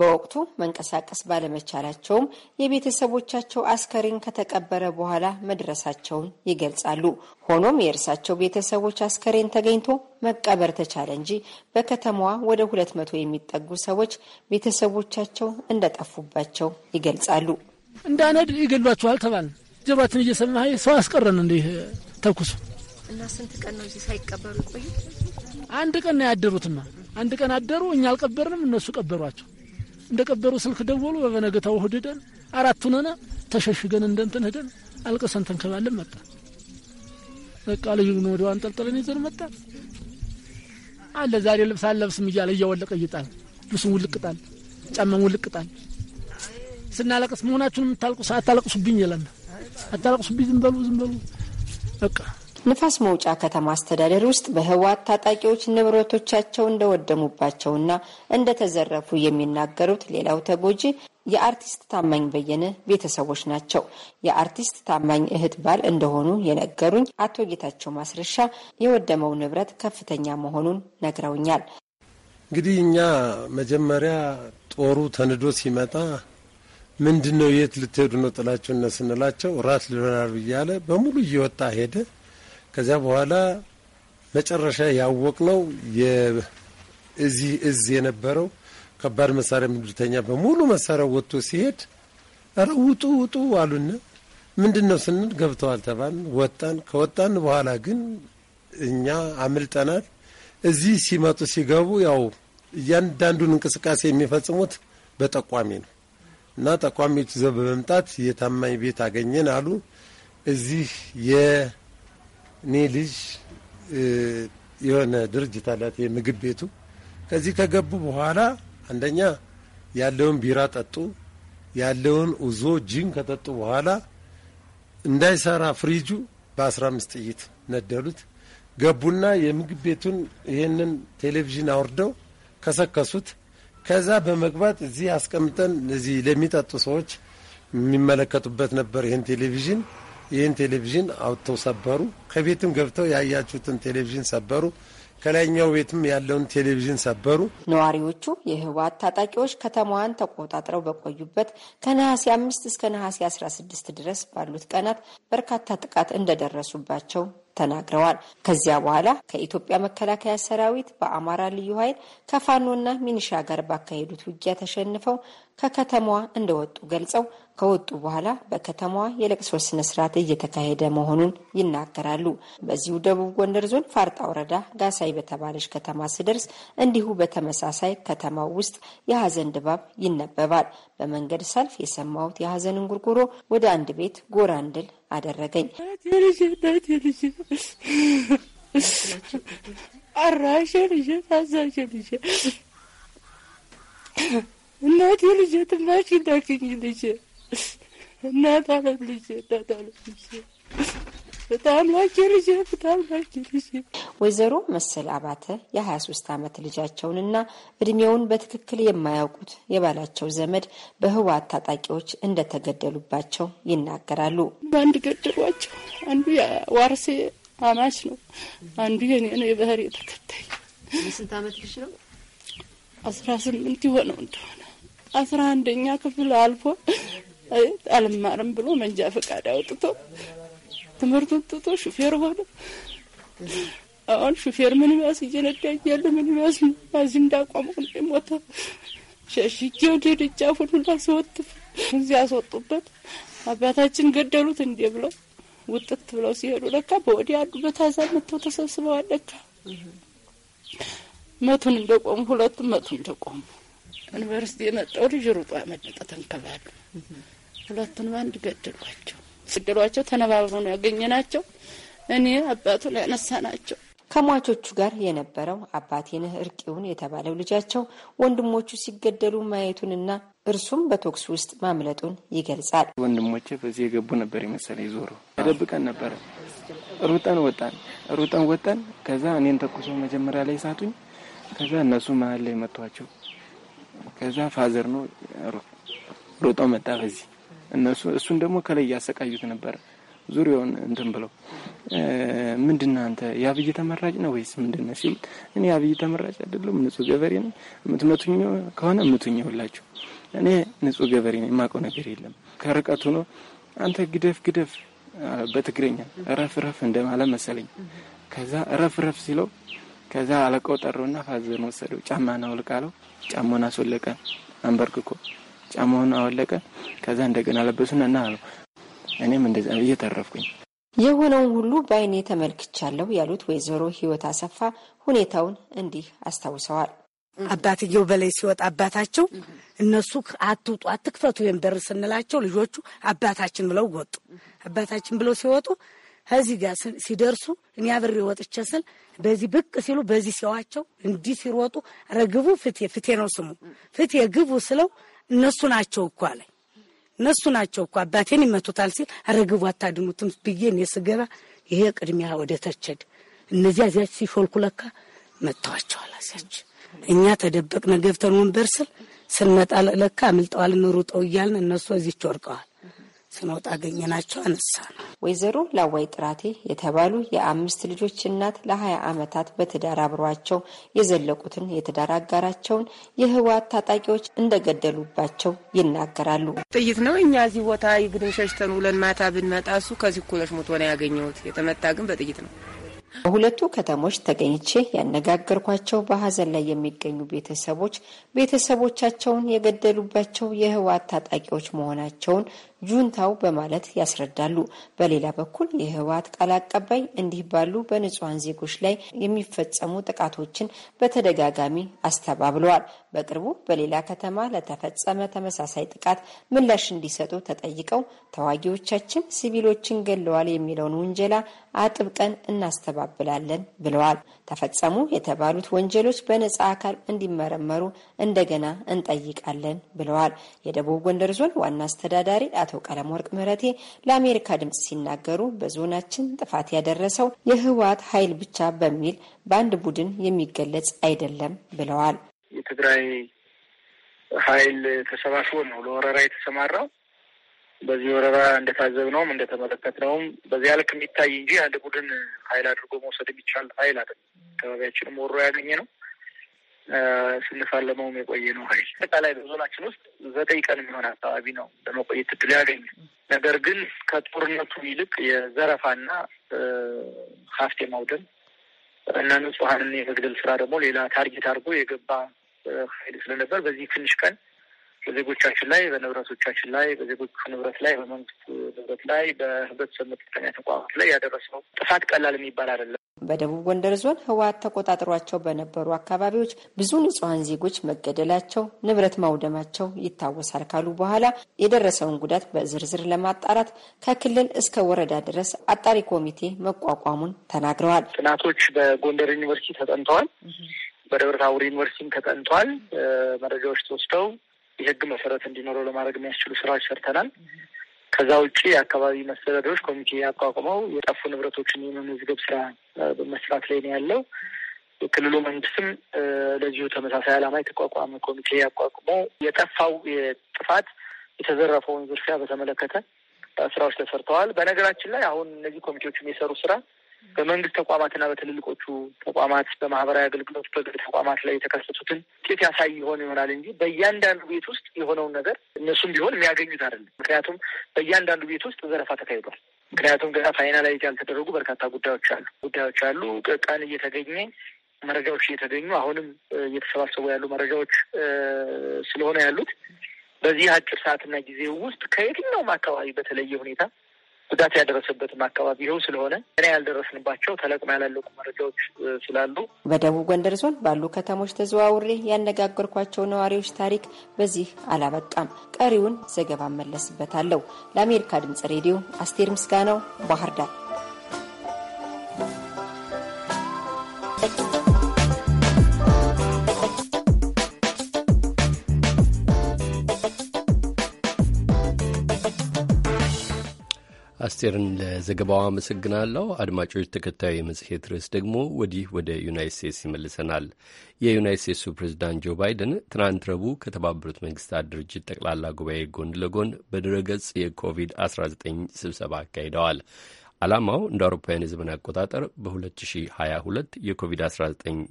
በወቅቱ መንቀሳቀስ ባለመቻላቸውም የቤተሰቦቻቸው አስከሬን ከተቀበረ በኋላ መድረሳቸውን ይገልጻሉ። ሆኖም የእርሳቸው ቤተሰቦች አስከሬን ተገኝቶ መቀበር ተቻለ እንጂ በከተማዋ ወደ ሁለት መቶ የሚጠጉ ሰዎች ቤተሰቦቻቸው እንደጠፉባቸው ይገልጻሉ። እንዳነድ ይገሏቸዋል ተባል ጀባትን እየሰማ ሰው አስቀረን እንዲህ ተኩሱ እና ስንት ቀን ነው እዚህ ሳይቀበሩ ቆዩ? አንድ ቀን ነው ያደሩትማ። አንድ ቀን አደሩ። እኛ አልቀበርንም፣ እነሱ ቀበሯቸው። እንደቀበሩ ስልክ ደወሉ። በበነገታው እሑድ ሄደን አራቱን ተሸሽገን እንደንትን ሄደን አልቅሰን ተንከባለን መጣ። በቃ ልዩን ወደ አንጠልጥለን ይዘን መጣ አለ ዛሬ ልብስ አለብስም እያለ እያወለቀ እይጣል ልብሱን ውልቅጣል፣ ጫማም ውልቅጣል። ስናለቅስ መሆናችሁን የምታልቁ አታለቅሱብኝ ይለን አታለቅሱብኝ፣ ዝም በሉ ዝም በሉ በቃ ንፋስ መውጫ ከተማ አስተዳደር ውስጥ በህወሓት ታጣቂዎች ንብረቶቻቸው እንደወደሙባቸውና እንደተዘረፉ የሚናገሩት ሌላው ተጎጂ የአርቲስት ታማኝ በየነ ቤተሰቦች ናቸው። የአርቲስት ታማኝ እህት ባል እንደሆኑ የነገሩኝ አቶ ጌታቸው ማስረሻ የወደመው ንብረት ከፍተኛ መሆኑን ነግረውኛል። እንግዲህ እኛ መጀመሪያ ጦሩ ተንዶ ሲመጣ ምንድን ነው የት ልትሄዱ ነው ጥላቸውና ስንላቸው ራት ልበላሉ እያለ በሙሉ እየወጣ ሄደ። ከዚያ በኋላ መጨረሻ ያወቅነው እዚህ እዝ የነበረው ከባድ መሳሪያ ምድርተኛ በሙሉ መሳሪያ ወጥቶ ሲሄድ ኧረ ውጡ ውጡ አሉና ምንድን ነው ስንል ገብተዋል ተባል ወጣን። ከወጣን በኋላ ግን እኛ አምልጠናል። እዚህ ሲመጡ ሲገቡ ያው እያንዳንዱን እንቅስቃሴ የሚፈጽሙት በጠቋሚ ነው እና ጠቋሚዎች ይዘው በመምጣት የታማኝ ቤት አገኘን አሉ። እዚህ እኔ ልጅ የሆነ ድርጅት አላት የምግብ ቤቱ። ከዚህ ከገቡ በኋላ አንደኛ ያለውን ቢራ ጠጡ፣ ያለውን ኡዞ ጂን ከጠጡ በኋላ እንዳይሰራ ፍሪጁ በአስራ አምስት ጥይት ነደሉት። ገቡና የምግብ ቤቱን ይህንን ቴሌቪዥን አውርደው ከሰከሱት። ከዛ በመግባት እዚህ አስቀምጠን እዚህ ለሚጠጡ ሰዎች የሚመለከቱበት ነበር ይህን ቴሌቪዥን ይህን ቴሌቪዥን አውጥተው ሰበሩ። ከቤትም ገብተው ያያችሁትን ቴሌቪዥን ሰበሩ። ከላይኛው ቤትም ያለውን ቴሌቪዥን ሰበሩ። ነዋሪዎቹ የህወሓት ታጣቂዎች ከተማዋን ተቆጣጥረው በቆዩበት ከነሐሴ አምስት እስከ ነሐሴ አስራ ስድስት ድረስ ባሉት ቀናት በርካታ ጥቃት እንደደረሱባቸው ተናግረዋል። ከዚያ በኋላ ከኢትዮጵያ መከላከያ ሰራዊት በአማራ ልዩ ኃይል ከፋኖና ሚኒሻ ጋር ባካሄዱት ውጊያ ተሸንፈው ከከተማዋ እንደወጡ ገልጸው ከወጡ በኋላ በከተማዋ የለቅሶ ስነ ስርዓት እየተካሄደ መሆኑን ይናገራሉ። በዚሁ ደቡብ ጎንደር ዞን ፋርጣ ወረዳ ጋሳይ በተባለች ከተማ ስደርስ እንዲሁ በተመሳሳይ ከተማው ውስጥ የሀዘን ድባብ ይነበባል። በመንገድ ሰልፍ የሰማሁት የሀዘንን ጉርጉሮ ወደ አንድ ቤት ጎራ እንድል አደረገኝ። አራሽ ልጅ ታዛዥ ልጅ እናቴ ልጅ ልጅ እናት አለም ልጅ እናት አለም ልጅ። ወይዘሮ መሰል አባተ የ23 ዓመት ልጃቸውንና እድሜውን በትክክል የማያውቁት የባላቸው ዘመድ በህወሓት ታጣቂዎች እንደተገደሉባቸው ይናገራሉ። በአንድ ገደሏቸው። አንዱ ዋርሴ አማች ነው፣ አንዱ የኔ ነው፣ የባህር የተከታይ ስንት ዓመት ልጅ ነው? አስራ ስምንት የሆነው እንደሆነ አስራ አንደኛ ክፍል አልፎ አልማርም ብሎ መንጃ ፈቃድ አውጥቶ ትምህርቱን ትቶ ሹፌር ሆነ። አሁን ሹፌር ሚኒባስ እየነዳ እያለ ሚኒባስ እዚህ እንዳቆመው ሞተ። ሸሽጌው ደጃፉን ሁሉ አስወጥፍ እዚያ አስወጡበት። አባታችን ገደሉት እንዴ ብለው ውጥት ብለው ሲሄዱ ለካ በወዲህ ያሉበት አዛብ መጥተው ተሰብስበዋል። ለካ መቱን እንደቆሙ ሁለቱም መቱን እንደቆሙ ዩኒቨርሲቲ የመጣው ልጅ ሩጦ ያመለጠ ተንከባሉ ሁለቱን በአንድ ገድሏቸው ገድሏቸው ተነባብሮ ነው ያገኘ ናቸው። እኔ አባቱ ላይ ያነሳ ናቸው። ከሟቾቹ ጋር የነበረው አባቴንህ እርቂውን የተባለው ልጃቸው ወንድሞቹ ሲገደሉ ማየቱንና እርሱም በቶክስ ውስጥ ማምለጡን ይገልጻል። ወንድሞቼ በዚህ የገቡ ነበር የመሰለ ዞሮ ተደብቀን ነበረ። ሩጠን ወጣን፣ ሩጠን ወጣን። ከዛ እኔን ተኩሶ መጀመሪያ ላይ ሳቱኝ። ከዛ እነሱ መሀል ላይ መጥቷቸው፣ ከዛ ፋዘር ነው ሮጠው መጣ በዚህ እነሱ እሱን ደግሞ ከላይ እያሰቃዩት ነበር። ዙሪያውን እንትን ብለው ምንድና አንተ የአብይ ተመራጭ ነው ወይስ ምንድነው ሲሉ እኔ የአብይ ተመራጭ አይደለም ንጹህ ገበሬ ነኝ፣ የምትመቱኝ ከሆነ ምቱኝ ሁላችሁ፣ እኔ ንጹህ ገበሬ ነኝ፣ የማውቀው ነገር የለም። ከርቀት ሆኖ አንተ ግደፍ ግደፍ በትግረኛ ረፍ ረፍ መሰለኝ። ከዛ ረፍ ረፍ ሲለው ከዛ አለቀው ጠራውና ፋዘን ወሰደው፣ ጫማ አውልቅ ጫማን ጫማውን አስወለቀ አንበርክኮ ጫማውን አወለቀ። ከዛ እንደገና ለበሱና እና ነው እኔም እንደዛ እየተረፍኩኝ የሆነውን ሁሉ በአይኔ ተመልክቻለሁ ያሉት ወይዘሮ ህይወት አሰፋ ሁኔታውን እንዲህ አስታውሰዋል። አባትየው በላይ ሲወጣ አባታቸው እነሱ አትውጡ፣ አትክፈቱ ወይም የንበር ስንላቸው ልጆቹ አባታችን ብለው ወጡ። አባታችን ብለው ሲወጡ ከዚህ ጋር ሲደርሱ እኔ አብሬ ወጥቼ ስል በዚህ ብቅ ሲሉ በዚህ ሲዋቸው እንዲህ ሲሮጡ ረግቡ ፍቴ ፍቴ ነው ስሙ ፍቴ ግቡ ስለው እነሱ ናቸው እኮ አለኝ። እነሱ ናቸው እኮ አባቴን ይመቱታል ሲል ረግቡ አታድኑትም ብዬ እኔ ስገባ ይሄ ቅድሚያ ወደ ተቸድ እነዚያ እዚያች ሲሾልኩ ለካ መጥተዋቸዋል። አዚያች እኛ ተደበቅ ገብተን ወንበር ስል ስንመጣ ለካ አምልጠዋል፣ ሩጠው እያልን እነሱ እዚች ወርቀዋል። ስንወጣ አገኘናቸው፣ አነሳ ነው። ወይዘሮ ላዋይ ጥራቴ የተባሉ የአምስት ልጆች እናት ለሀያ ዓመታት በትዳር አብሯቸው የዘለቁትን የትዳር አጋራቸውን የህወሓት ታጣቂዎች እንደገደሉባቸው ይናገራሉ። ጥይት ነው። እኛ እዚህ ቦታ ይግድን ሸሽተን ውለን ማታ ብንመጣ እሱ ከዚህ ኩለሽ ሞቶ ነው ያገኘሁት። የተመታ ግን በጥይት ነው። በሁለቱ ከተሞች ተገኝቼ ያነጋገርኳቸው በሀዘን ላይ የሚገኙ ቤተሰቦች ቤተሰቦቻቸውን የገደሉባቸው የህወሓት ታጣቂዎች መሆናቸውን ጁንታው በማለት ያስረዳሉ። በሌላ በኩል የህወሀት ቃል አቀባይ እንዲህ ባሉ በንጹሐን ዜጎች ላይ የሚፈጸሙ ጥቃቶችን በተደጋጋሚ አስተባብለዋል። በቅርቡ በሌላ ከተማ ለተፈጸመ ተመሳሳይ ጥቃት ምላሽ እንዲሰጡ ተጠይቀው ተዋጊዎቻችን ሲቪሎችን ገለዋል የሚለውን ውንጀላ አጥብቀን እናስተባብላለን ብለዋል። ተፈጸሙ የተባሉት ወንጀሎች በነጻ አካል እንዲመረመሩ እንደገና እንጠይቃለን ብለዋል። የደቡብ ጎንደር ዞን ዋና አስተዳዳሪ አቶ ቀለም ወርቅ ምህረቴ ለአሜሪካ ድምጽ ሲናገሩ በዞናችን ጥፋት ያደረሰው የህወሓት ኃይል ብቻ በሚል በአንድ ቡድን የሚገለጽ አይደለም ብለዋል። የትግራይ ኃይል ተሰባስቦ ነው ለወረራ የተሰማራው። በዚህ ወረራ እንደታዘብነውም እንደተመለከትነውም በዚያ ልክ የሚታይ እንጂ አንድ ቡድን ኃይል አድርጎ መውሰድ የሚቻል ኃይል አይደለም። አካባቢያችንም ወሮ ያገኘ ነው ስንፋለመውም የቆየ ነው ኃይል አጠቃላይ በዞናችን ውስጥ ዘጠኝ ቀን የሚሆን አካባቢ ነው ለመቆየት እድል ያገኘ። ነገር ግን ከጦርነቱ ይልቅ የዘረፋና ሀብት የማውደም እና ንጹሀንን የመግደል ስራ ደግሞ ሌላ ታርጌት አድርጎ የገባ ኃይል ስለነበር በዚህ ትንሽ ቀን በዜጎቻችን ላይ፣ በንብረቶቻችን ላይ፣ በዜጎቹ ንብረት ላይ፣ በመንግስት ንብረት ላይ፣ በህብረተሰብ መጠቀሚያ ተቋማት ላይ ያደረሰው ጥፋት ቀላል የሚባል አይደለም። በደቡብ ጎንደር ዞን ህወሓት ተቆጣጥሯቸው በነበሩ አካባቢዎች ብዙ ንጹሐን ዜጎች መገደላቸው፣ ንብረት ማውደማቸው ይታወሳል ካሉ በኋላ የደረሰውን ጉዳት በዝርዝር ለማጣራት ከክልል እስከ ወረዳ ድረስ አጣሪ ኮሚቴ መቋቋሙን ተናግረዋል። ጥናቶች በጎንደር ዩኒቨርሲቲ ተጠንተዋል። በደብረ ታቦር ዩኒቨርሲቲም ተጠንቷል። መረጃዎች ተወስደው የህግ መሰረት እንዲኖረው ለማድረግ የሚያስችሉ ስራዎች ሰርተናል። ከዛ ውጭ የአካባቢ መስተዳደሮች ኮሚቴ ያቋቁመው የጠፉ ንብረቶችን የመመዝገብ ስራ በመስራት ላይ ነው ያለው። የክልሉ መንግስትም ለዚሁ ተመሳሳይ ዓላማ የተቋቋመ ኮሚቴ ያቋቁሞ የጠፋው የጥፋት የተዘረፈውን ዝርፊያ በተመለከተ ስራዎች ተሰርተዋል። በነገራችን ላይ አሁን እነዚህ ኮሚቴዎች የሚሰሩ ስራ በመንግስት ተቋማትና በትልልቆቹ ተቋማት በማህበራዊ አገልግሎት በግል ተቋማት ላይ የተከሰቱትን ውጤት ያሳይ ይሆን ይሆናል እንጂ በእያንዳንዱ ቤት ውስጥ የሆነውን ነገር እነሱም ቢሆን የሚያገኙት አይደለም። ምክንያቱም በእያንዳንዱ ቤት ውስጥ ዘረፋ ተካሂዷል። ምክንያቱም ገና ፋይናላይዝ ያልተደረጉ በርካታ ጉዳዮች አሉ ጉዳዮች አሉ ቀን እየተገኘ መረጃዎች እየተገኙ አሁንም እየተሰባሰቡ ያሉ መረጃዎች ስለሆነ ያሉት በዚህ አጭር ሰዓትና ጊዜ ውስጥ ከየትኛውም አካባቢ በተለየ ሁኔታ ጉዳት ያደረሰበትም አካባቢ ይኸው ስለሆነ እኔ ያልደረስንባቸው ተለቅሞ ያላለቁ መረጃዎች ስላሉ በደቡብ ጎንደር ዞን ባሉ ከተሞች ተዘዋውሬ ያነጋገርኳቸው ነዋሪዎች ታሪክ በዚህ አላበቃም። ቀሪውን ዘገባ እመለስበታለሁ። ለአሜሪካ ድምጽ ሬዲዮ አስቴር ምስጋናው ባህር ዳር። አስቴርን ለዘገባዋ አመሰግናለሁ። አድማጮች፣ ተከታዩ የመጽሔት ርዕስ ደግሞ ወዲህ ወደ ዩናይት ስቴትስ ይመልሰናል። የዩናይት ስቴትሱ ፕሬዚዳንት ጆ ባይደን ትናንት ረቡዕ ከተባበሩት መንግስታት ድርጅት ጠቅላላ ጉባኤ ጎን ለጎን በድረገጽ የኮቪድ-19 ስብሰባ አካሂደዋል። ዓላማው እንደ አውሮፓውያን የዘመን አቆጣጠር በ2022 የኮቪድ-19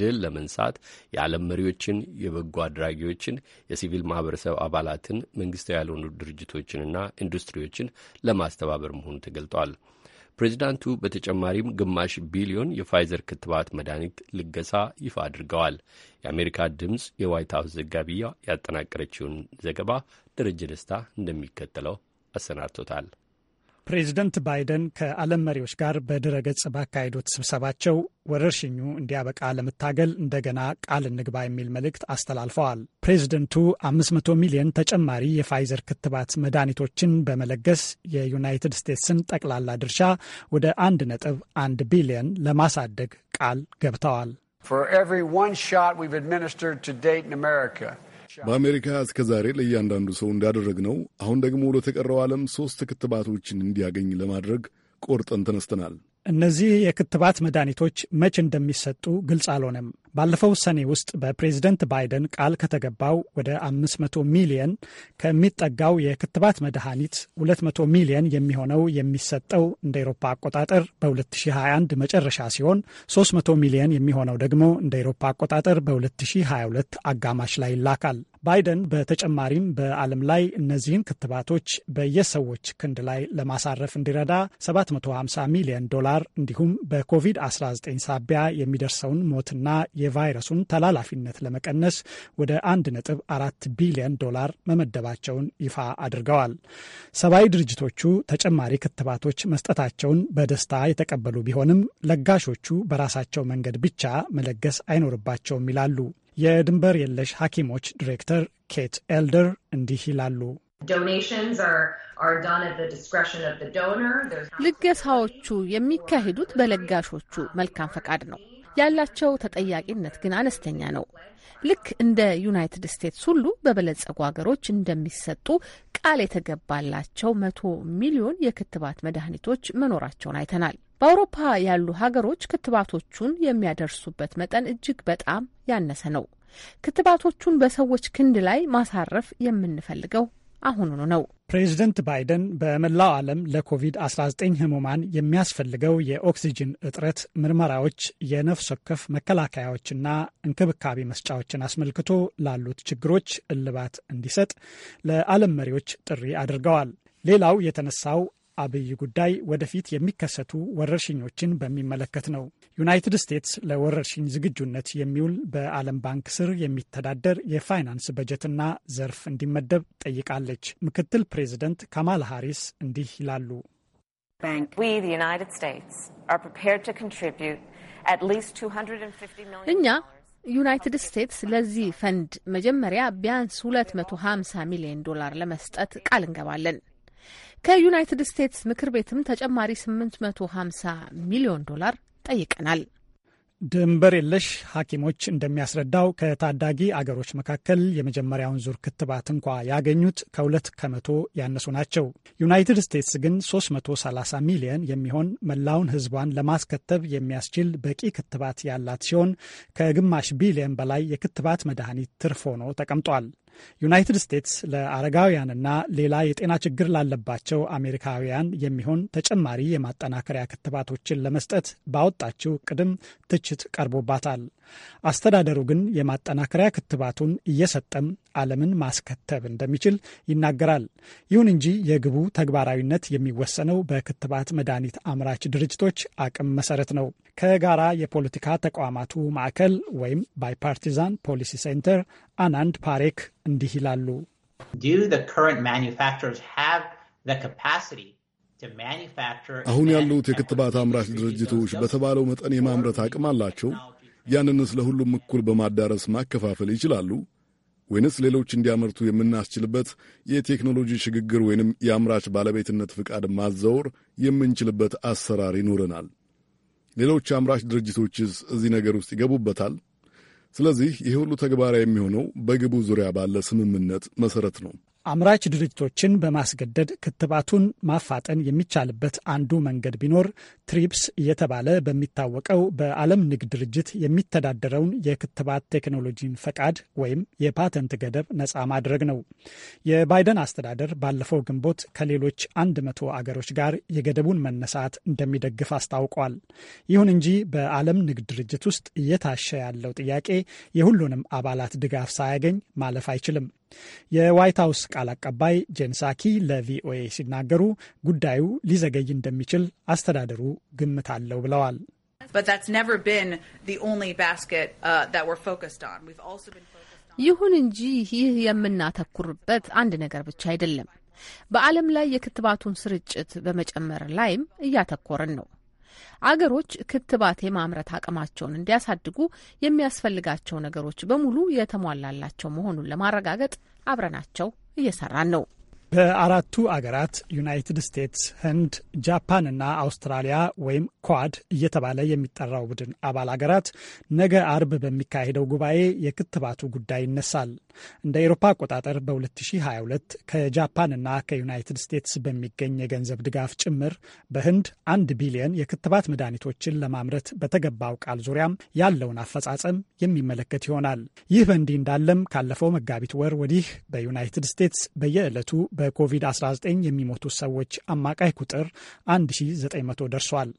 ድል ለመንሳት የዓለም መሪዎችን፣ የበጎ አድራጊዎችን፣ የሲቪል ማህበረሰብ አባላትን፣ መንግስታዊ ያልሆኑ ድርጅቶችንና ኢንዱስትሪዎችን ለማስተባበር መሆኑ ተገልጧል። ፕሬዚዳንቱ በተጨማሪም ግማሽ ቢሊዮን የፋይዘር ክትባት መድኃኒት ልገሳ ይፋ አድርገዋል። የአሜሪካ ድምፅ የዋይት ሀውስ ዘጋቢዋ ያጠናቀረችውን ዘገባ ደረጀ ደስታ እንደሚከተለው አሰናድቶታል። ፕሬዚደንት ባይደን ከዓለም መሪዎች ጋር በድረገጽ ባካሄዱት ስብሰባቸው ወረርሽኙ እንዲያበቃ ለመታገል እንደገና ቃል እንግባ የሚል መልእክት አስተላልፈዋል። ፕሬዚደንቱ 500 ሚሊዮን ተጨማሪ የፋይዘር ክትባት መድኃኒቶችን በመለገስ የዩናይትድ ስቴትስን ጠቅላላ ድርሻ ወደ 1.1 ነጥብ 1 ቢሊዮን ለማሳደግ ቃል ገብተዋል። For every one shot we've administered to date in America, በአሜሪካ እስከ ዛሬ ለእያንዳንዱ ሰው እንዳደረግነው አሁን ደግሞ ለተቀረው ዓለም ሦስት ክትባቶችን እንዲያገኝ ለማድረግ ቆርጠን ተነስተናል። እነዚህ የክትባት መድኃኒቶች መች እንደሚሰጡ ግልጽ አልሆነም። ባለፈው ሰኔ ውስጥ በፕሬዝደንት ባይደን ቃል ከተገባው ወደ 500 ሚሊየን ከሚጠጋው የክትባት መድኃኒት 200 ሚሊየን የሚሆነው የሚሰጠው እንደ ኤሮፓ አቆጣጠር በ2021 መጨረሻ ሲሆን 300 ሚሊየን የሚሆነው ደግሞ እንደ ኤሮፓ አቆጣጠር በ2022 አጋማሽ ላይ ይላካል። ባይደን በተጨማሪም በዓለም ላይ እነዚህን ክትባቶች በየሰዎች ክንድ ላይ ለማሳረፍ እንዲረዳ 750 ሚሊዮን ዶላር እንዲሁም በኮቪድ-19 ሳቢያ የሚደርሰውን ሞትና የቫይረሱን ተላላፊነት ለመቀነስ ወደ 1.4 ቢሊዮን ዶላር መመደባቸውን ይፋ አድርገዋል። ሰብአዊ ድርጅቶቹ ተጨማሪ ክትባቶች መስጠታቸውን በደስታ የተቀበሉ ቢሆንም ለጋሾቹ በራሳቸው መንገድ ብቻ መለገስ አይኖርባቸውም ይላሉ። የድንበር የለሽ ሐኪሞች ዲሬክተር ኬት ኤልደር እንዲህ ይላሉ። ልገሳዎቹ የሚካሄዱት በለጋሾቹ መልካም ፈቃድ ነው። ያላቸው ተጠያቂነት ግን አነስተኛ ነው። ልክ እንደ ዩናይትድ ስቴትስ ሁሉ በበለጸጉ ሀገሮች እንደሚሰጡ ቃል የተገባላቸው መቶ ሚሊዮን የክትባት መድኃኒቶች መኖራቸውን አይተናል። በአውሮፓ ያሉ ሀገሮች ክትባቶቹን የሚያደርሱበት መጠን እጅግ በጣም ያነሰ ነው። ክትባቶቹን በሰዎች ክንድ ላይ ማሳረፍ የምንፈልገው አሁኑኑ ነው። ፕሬዚደንት ባይደን በመላው ዓለም ለኮቪድ-19 ህሙማን የሚያስፈልገው የኦክሲጅን እጥረት ምርመራዎች፣ የነፍስ ወከፍ መከላከያዎችና እንክብካቤ መስጫዎችን አስመልክቶ ላሉት ችግሮች እልባት እንዲሰጥ ለዓለም መሪዎች ጥሪ አድርገዋል። ሌላው የተነሳው አብይ ጉዳይ ወደፊት የሚከሰቱ ወረርሽኞችን በሚመለከት ነው። ዩናይትድ ስቴትስ ለወረርሽኝ ዝግጁነት የሚውል በዓለም ባንክ ስር የሚተዳደር የፋይናንስ በጀትና ዘርፍ እንዲመደብ ጠይቃለች። ምክትል ፕሬዚደንት ካማል ሃሪስ እንዲህ ይላሉ። እኛ ዩናይትድ ስቴትስ ለዚህ ፈንድ መጀመሪያ ቢያንስ 250 ሚሊዮን ዶላር ለመስጠት ቃል እንገባለን። ከዩናይትድ ስቴትስ ምክር ቤትም ተጨማሪ 850 ሚሊዮን ዶላር ጠይቀናል። ድንበር የለሽ ሐኪሞች እንደሚያስረዳው ከታዳጊ አገሮች መካከል የመጀመሪያውን ዙር ክትባት እንኳ ያገኙት ከሁለት ከመቶ ያነሱ ናቸው። ዩናይትድ ስቴትስ ግን 330 ሚሊየን የሚሆን መላውን ሕዝቧን ለማስከተብ የሚያስችል በቂ ክትባት ያላት ሲሆን ከግማሽ ቢሊየን በላይ የክትባት መድኃኒት ትርፍ ሆኖ ተቀምጧል። ዩናይትድ ስቴትስ ለአረጋውያንና ሌላ የጤና ችግር ላለባቸው አሜሪካውያን የሚሆን ተጨማሪ የማጠናከሪያ ክትባቶችን ለመስጠት ባወጣችው ቅድም ትችት ቀርቦባታል። አስተዳደሩ ግን የማጠናከሪያ ክትባቱን እየሰጠም ዓለምን ማስከተብ እንደሚችል ይናገራል። ይሁን እንጂ የግቡ ተግባራዊነት የሚወሰነው በክትባት መድኃኒት አምራች ድርጅቶች አቅም መሰረት ነው። ከጋራ የፖለቲካ ተቋማቱ ማዕከል ወይም ባይፓርቲዛን ፖሊሲ ሴንተር አናንድ ፓሬክ እንዲህ ይላሉ። አሁን ያሉት የክትባት አምራች ድርጅቶች በተባለው መጠን የማምረት አቅም አላቸው? ያንንስ ለሁሉም እኩል በማዳረስ ማከፋፈል ይችላሉ ወይንስ ሌሎች እንዲያመርቱ የምናስችልበት የቴክኖሎጂ ሽግግር ወይንም የአምራች ባለቤትነት ፍቃድ ማዛወር የምንችልበት አሰራር ይኖረናል። ሌሎች አምራች ድርጅቶችስ እዚህ ነገር ውስጥ ይገቡበታል? ስለዚህ ይህ ሁሉ ተግባራዊ የሚሆነው በግቡ ዙሪያ ባለ ስምምነት መሠረት ነው። አምራች ድርጅቶችን በማስገደድ ክትባቱን ማፋጠን የሚቻልበት አንዱ መንገድ ቢኖር ትሪፕስ እየተባለ በሚታወቀው በዓለም ንግድ ድርጅት የሚተዳደረውን የክትባት ቴክኖሎጂን ፈቃድ ወይም የፓተንት ገደብ ነፃ ማድረግ ነው። የባይደን አስተዳደር ባለፈው ግንቦት ከሌሎች 100 አገሮች ጋር የገደቡን መነሳት እንደሚደግፍ አስታውቋል። ይሁን እንጂ በዓለም ንግድ ድርጅት ውስጥ እየታሸ ያለው ጥያቄ የሁሉንም አባላት ድጋፍ ሳያገኝ ማለፍ አይችልም። የዋይት ሀውስ ቃል አቀባይ ጄን ለቪኦኤ ሲናገሩ ጉዳዩ ሊዘገይ እንደሚችል አስተዳደሩ ግምት አለው ብለዋል። uh, ይሁን እንጂ ይህ የምናተኩርበት አንድ ነገር ብቻ አይደለም። በዓለም ላይ የክትባቱን ስርጭት በመጨመር ላይም እያተኮርን ነው። አገሮች ክትባት የማምረት አቅማቸውን እንዲያሳድጉ የሚያስፈልጋቸው ነገሮች በሙሉ የተሟላላቸው መሆኑን ለማረጋገጥ አብረናቸው እየሰራን ነው። በአራቱ አገራት ዩናይትድ ስቴትስ፣ ህንድ፣ ጃፓንና አውስትራሊያ ወይም ኳድ እየተባለ የሚጠራው ቡድን አባል አገራት ነገ አርብ በሚካሄደው ጉባኤ የክትባቱ ጉዳይ ይነሳል። እንደ ኤሮፓ አቆጣጠር በ2022 ከጃፓንና ከዩናይትድ ስቴትስ በሚገኝ የገንዘብ ድጋፍ ጭምር በህንድ አንድ ቢሊየን የክትባት መድኃኒቶችን ለማምረት በተገባው ቃል ዙሪያም ያለውን አፈጻጸም የሚመለከት ይሆናል። ይህ በእንዲህ እንዳለም ካለፈው መጋቢት ወር ወዲህ በዩናይትድ ስቴትስ በየዕለቱ በ በኮቪድ-19 የሚሞቱ ሰዎች አማቃይ ቁጥር 1900 ደርሷል።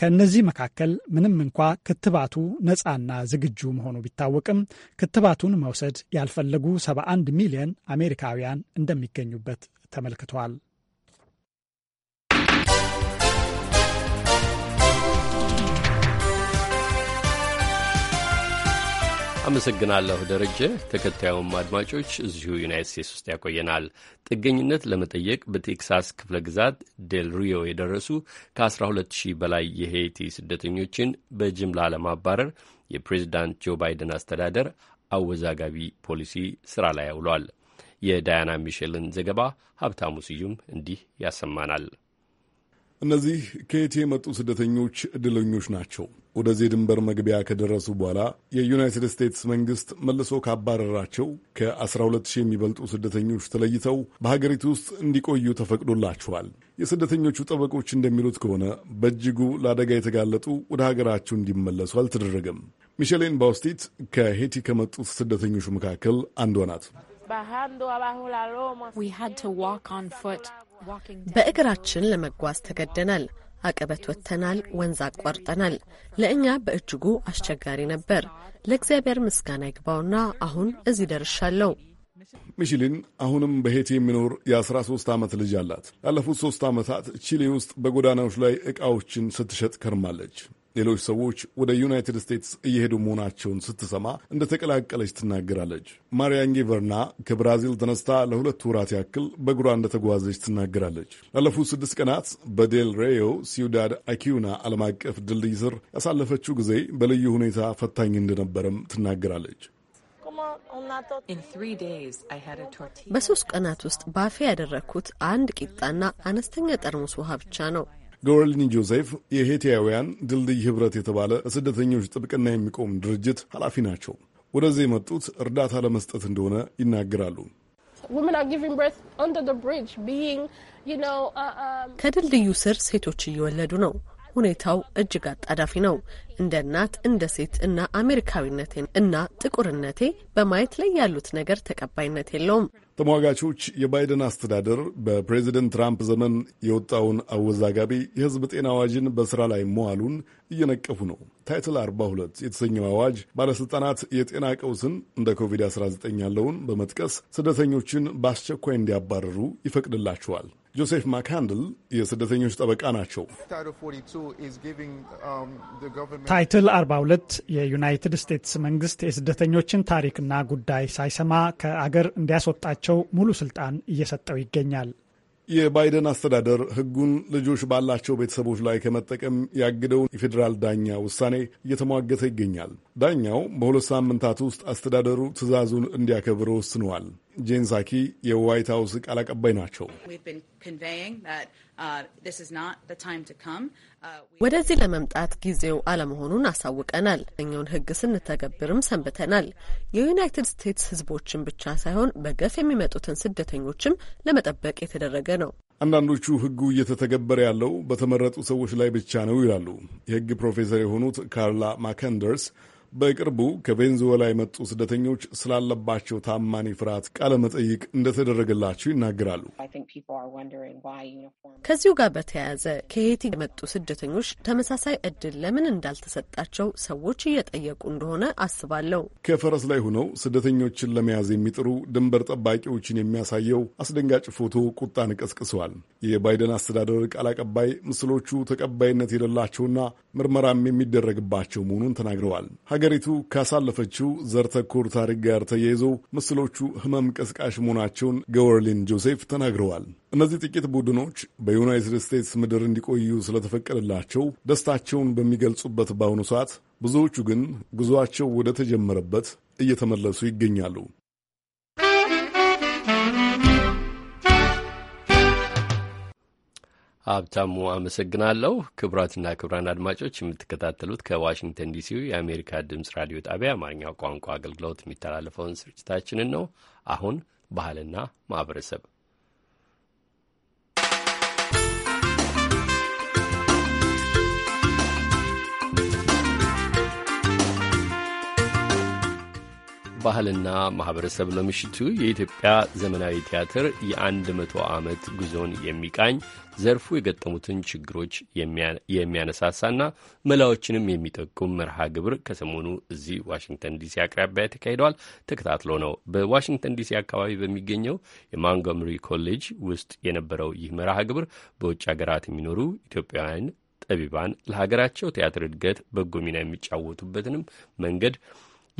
ከእነዚህ መካከል ምንም እንኳ ክትባቱ ነፃና ዝግጁ መሆኑ ቢታወቅም ክትባቱን መውሰድ ያልፈለጉ 71 ሚሊዮን አሜሪካውያን እንደሚገኙበት ተመልክተዋል። አመሰግናለሁ ደረጀ። ተከታዩም አድማጮች እዚሁ ዩናይት ስቴትስ ውስጥ ያቆየናል። ጥገኝነት ለመጠየቅ በቴክሳስ ክፍለ ግዛት ዴል ሪዮ የደረሱ ከ12000 በላይ የሄይቲ ስደተኞችን በጅምላ ለማባረር የፕሬዚዳንት ጆ ባይደን አስተዳደር አወዛጋቢ ፖሊሲ ስራ ላይ አውሏል። የዳያና ሚሼልን ዘገባ ሀብታሙ ስዩም እንዲህ ያሰማናል። እነዚህ ከየት የመጡ ስደተኞች እድለኞች ናቸው። ወደዚህ ድንበር መግቢያ ከደረሱ በኋላ የዩናይትድ ስቴትስ መንግስት መልሶ ካባረራቸው ከ12 ሺህ የሚበልጡ ስደተኞች ተለይተው በሀገሪቱ ውስጥ እንዲቆዩ ተፈቅዶላቸዋል። የስደተኞቹ ጠበቆች እንደሚሉት ከሆነ በእጅጉ ለአደጋ የተጋለጡ ወደ ሀገራቸው እንዲመለሱ አልተደረገም። ሚሸሌን ባውስቲት ከሄቲ ከመጡት ስደተኞች መካከል አንዷ ናት። በእግራችን ለመጓዝ ተገደናል። አቀበት ወጥተናል። ወንዝ አቋርጠናል። ለእኛ በእጅጉ አስቸጋሪ ነበር። ለእግዚአብሔር ምስጋና ይግባውና አሁን እዚህ ደርሻለሁ። ሚሽሊን አሁንም በሄቲ የሚኖር የ13 ዓመት ልጅ አላት። ላለፉት ሦስት ዓመታት ቺሊ ውስጥ በጎዳናዎች ላይ ዕቃዎችን ስትሸጥ ከርማለች። ሌሎች ሰዎች ወደ ዩናይትድ ስቴትስ እየሄዱ መሆናቸውን ስትሰማ እንደተቀላቀለች ትናገራለች። ማሪያንጌ ቨርና ከብራዚል ተነስታ ለሁለት ወራት ያክል በእግሯ እንደተጓዘች ትናገራለች። ላለፉት ስድስት ቀናት በዴል ሬዮ ሲዩዳድ አኪዩና ዓለም አቀፍ ድልድይ ስር ያሳለፈችው ጊዜ በልዩ ሁኔታ ፈታኝ እንደነበረም ትናገራለች። በሶስት ቀናት ውስጥ ባፌ ያደረግኩት አንድ ቂጣና አነስተኛ ጠርሙስ ውሃ ብቻ ነው። ጎረልኒ ጆሴፍ የሄቲያውያን ድልድይ ህብረት የተባለ ስደተኞች ጥብቅና የሚቆም ድርጅት ኃላፊ ናቸው። ወደዚህ የመጡት እርዳታ ለመስጠት እንደሆነ ይናገራሉ። uh, um, ከድልድዩ ስር ሴቶች እየወለዱ ነው። ሁኔታው እጅግ አጣዳፊ ነው። እንደ እናት፣ እንደ ሴት እና አሜሪካዊነቴን እና ጥቁርነቴ በማየት ላይ ያሉት ነገር ተቀባይነት የለውም። ተሟጋቾች የባይደን አስተዳደር በፕሬዚደንት ትራምፕ ዘመን የወጣውን አወዛጋቢ የሕዝብ ጤና አዋጅን በስራ ላይ መዋሉን እየነቀፉ ነው። ታይትል 42 የተሰኘው አዋጅ ባለሥልጣናት የጤና ቀውስን እንደ ኮቪድ-19 ያለውን በመጥቀስ ስደተኞችን በአስቸኳይ እንዲያባረሩ ይፈቅድላቸዋል። ጆሴፍ ማካንድል የስደተኞች ጠበቃ ናቸው። ታይትል 42 የዩናይትድ ስቴትስ መንግስት የስደተኞችን ታሪክና ጉዳይ ሳይሰማ ከአገር እንዲያስወጣቸው ሙሉ ስልጣን እየሰጠው ይገኛል። የባይደን አስተዳደር ሕጉን ልጆች ባላቸው ቤተሰቦች ላይ ከመጠቀም ያግደውን የፌዴራል ዳኛ ውሳኔ እየተሟገተ ይገኛል። ዳኛው በሁለት ሳምንታት ውስጥ አስተዳደሩ ትዕዛዙን እንዲያከብር ወስነዋል። ጄን ሳኪ የዋይት ሀውስ ቃል አቀባይ ናቸው። ወደዚህ ለመምጣት ጊዜው አለመሆኑን አሳውቀናል። ኛውን ህግ ስንተገብርም ሰንብተናል። የዩናይትድ ስቴትስ ህዝቦችን ብቻ ሳይሆን በገፍ የሚመጡትን ስደተኞችም ለመጠበቅ የተደረገ ነው። አንዳንዶቹ ህጉ እየተተገበረ ያለው በተመረጡ ሰዎች ላይ ብቻ ነው ይላሉ። የህግ ፕሮፌሰር የሆኑት ካርላ ማከንደርስ በቅርቡ ከቬንዙዌላ የመጡ ስደተኞች ስላለባቸው ታማኒ ፍርሃት ቃለ መጠይቅ እንደተደረገላቸው ይናገራሉ። ከዚሁ ጋር በተያያዘ ከሄቲ የመጡ ስደተኞች ተመሳሳይ እድል ለምን እንዳልተሰጣቸው ሰዎች እየጠየቁ እንደሆነ አስባለሁ። ከፈረስ ላይ ሆነው ስደተኞችን ለመያዝ የሚጥሩ ድንበር ጠባቂዎችን የሚያሳየው አስደንጋጭ ፎቶ ቁጣን ቀስቅሰዋል። የባይደን አስተዳደር ቃል አቀባይ ምስሎቹ ተቀባይነት የሌላቸውና ምርመራም የሚደረግባቸው መሆኑን ተናግረዋል። ሀገሪቱ ካሳለፈችው ዘር ተኮር ታሪክ ጋር ተያይዞ ምስሎቹ ህመም ቀስቃሽ መሆናቸውን ገወርሊን ጆሴፍ ተናግረዋል። እነዚህ ጥቂት ቡድኖች በዩናይትድ ስቴትስ ምድር እንዲቆዩ ስለተፈቀደላቸው ደስታቸውን በሚገልጹበት በአሁኑ ሰዓት ብዙዎቹ ግን ጉዞአቸው ወደ ተጀመረበት እየተመለሱ ይገኛሉ። ሀብታሙ አመሰግናለሁ። ክቡራትና ክቡራን አድማጮች የምትከታተሉት ከዋሽንግተን ዲሲ የአሜሪካ ድምፅ ራዲዮ ጣቢያ አማርኛ ቋንቋ አገልግሎት የሚተላለፈውን ስርጭታችንን ነው። አሁን ባህልና ማህበረሰብ ባህልና ማህበረሰብ ለምሽቱ የኢትዮጵያ ዘመናዊ ቲያትር የአንድ መቶ ዓመት ጉዞን የሚቃኝ ዘርፉ የገጠሙትን ችግሮች የሚያነሳሳና መላዎችንም የሚጠቁም መርሃ ግብር ከሰሞኑ እዚህ ዋሽንግተን ዲሲ አቅራቢያ ተካሂደዋል። ተከታትሎ ነው። በዋሽንግተን ዲሲ አካባቢ በሚገኘው የማንጎምሪ ኮሌጅ ውስጥ የነበረው ይህ መርሃ ግብር በውጭ ሀገራት የሚኖሩ ኢትዮጵያውያን ጠቢባን ለሀገራቸው ቲያትር እድገት በጎ ሚና የሚጫወቱበትንም መንገድ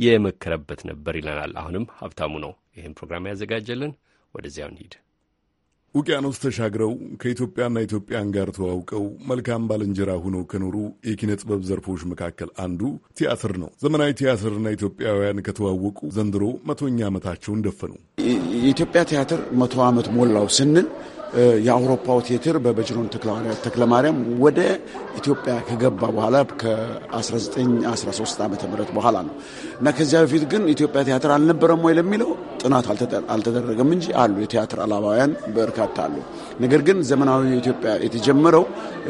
የመከረበት ነበር ይለናል። አሁንም ሀብታሙ ነው ይህን ፕሮግራም ያዘጋጀልን። ወደዚያው እንሂድ። ውቅያኖስ ተሻግረው ከኢትዮጵያና ኢትዮጵያን ጋር ተዋውቀው መልካም ባልንጀራ ሆነው ከኖሩ የኪነ ጥበብ ዘርፎች መካከል አንዱ ቲያትር ነው። ዘመናዊ ቲያትርና ኢትዮጵያውያን ከተዋወቁ ዘንድሮ መቶኛ ዓመታቸውን ደፈኑ። የኢትዮጵያ ቲያትር መቶ ዓመት ሞላው ስንል የአውሮፓው ቴትር በበጅሮን ተክለ ማርያም ወደ ኢትዮጵያ ከገባ በኋላ ከ1913 ዓ ም በኋላ ነው እና ከዚያ በፊት ግን ኢትዮጵያ ቲያትር አልነበረም ወይ ለሚለው ጥናት አልተደረገም እንጂ አሉ የቲያትር አላባውያን በርካታ አሉ። ነገር ግን ዘመናዊ ኢትዮጵያ የተጀመረው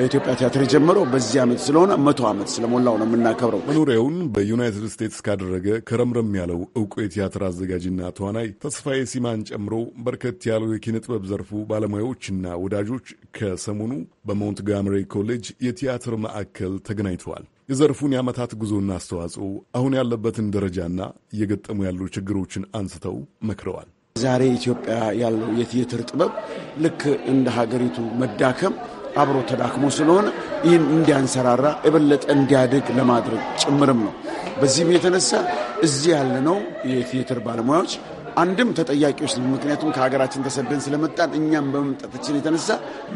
ኢትዮጵያ ቲያትር የጀመረው በዚህ ዓመት ስለሆነ መቶ ዓመት ስለሞላው ነው የምናከብረው። መኖሪያውን በዩናይትድ ስቴትስ ካደረገ ከረምረም ያለው እውቁ የቲያትር አዘጋጅና ተዋናይ ተስፋዬ ሲማን ጨምሮ በርከት ያሉ የኪነ ጥበብ ዘርፉ ባለሙያዎችና ወዳጆች ከሰሞኑ በሞንት ጋምሪ ኮሌጅ የቲያትር ማዕከል ተገናኝተዋል። የዘርፉን የዓመታት ጉዞና አስተዋጽኦ፣ አሁን ያለበትን ደረጃና እየገጠሙ ያሉ ችግሮችን አንስተው መክረዋል። ዛሬ ኢትዮጵያ ያለው የትየትር ጥበብ ልክ እንደ ሀገሪቱ መዳከም አብሮ ተዳክሞ ስለሆነ ይህን እንዲያንሰራራ የበለጠ እንዲያድግ ለማድረግ ጭምርም ነው። በዚህም የተነሳ እዚህ ያለነው የትየትር ባለሙያዎች አንድም ተጠያቂዎች፣ ምክንያቱም ከሀገራችን ተሰደን ስለመጣን እኛም በመምጣታችን የተነሳ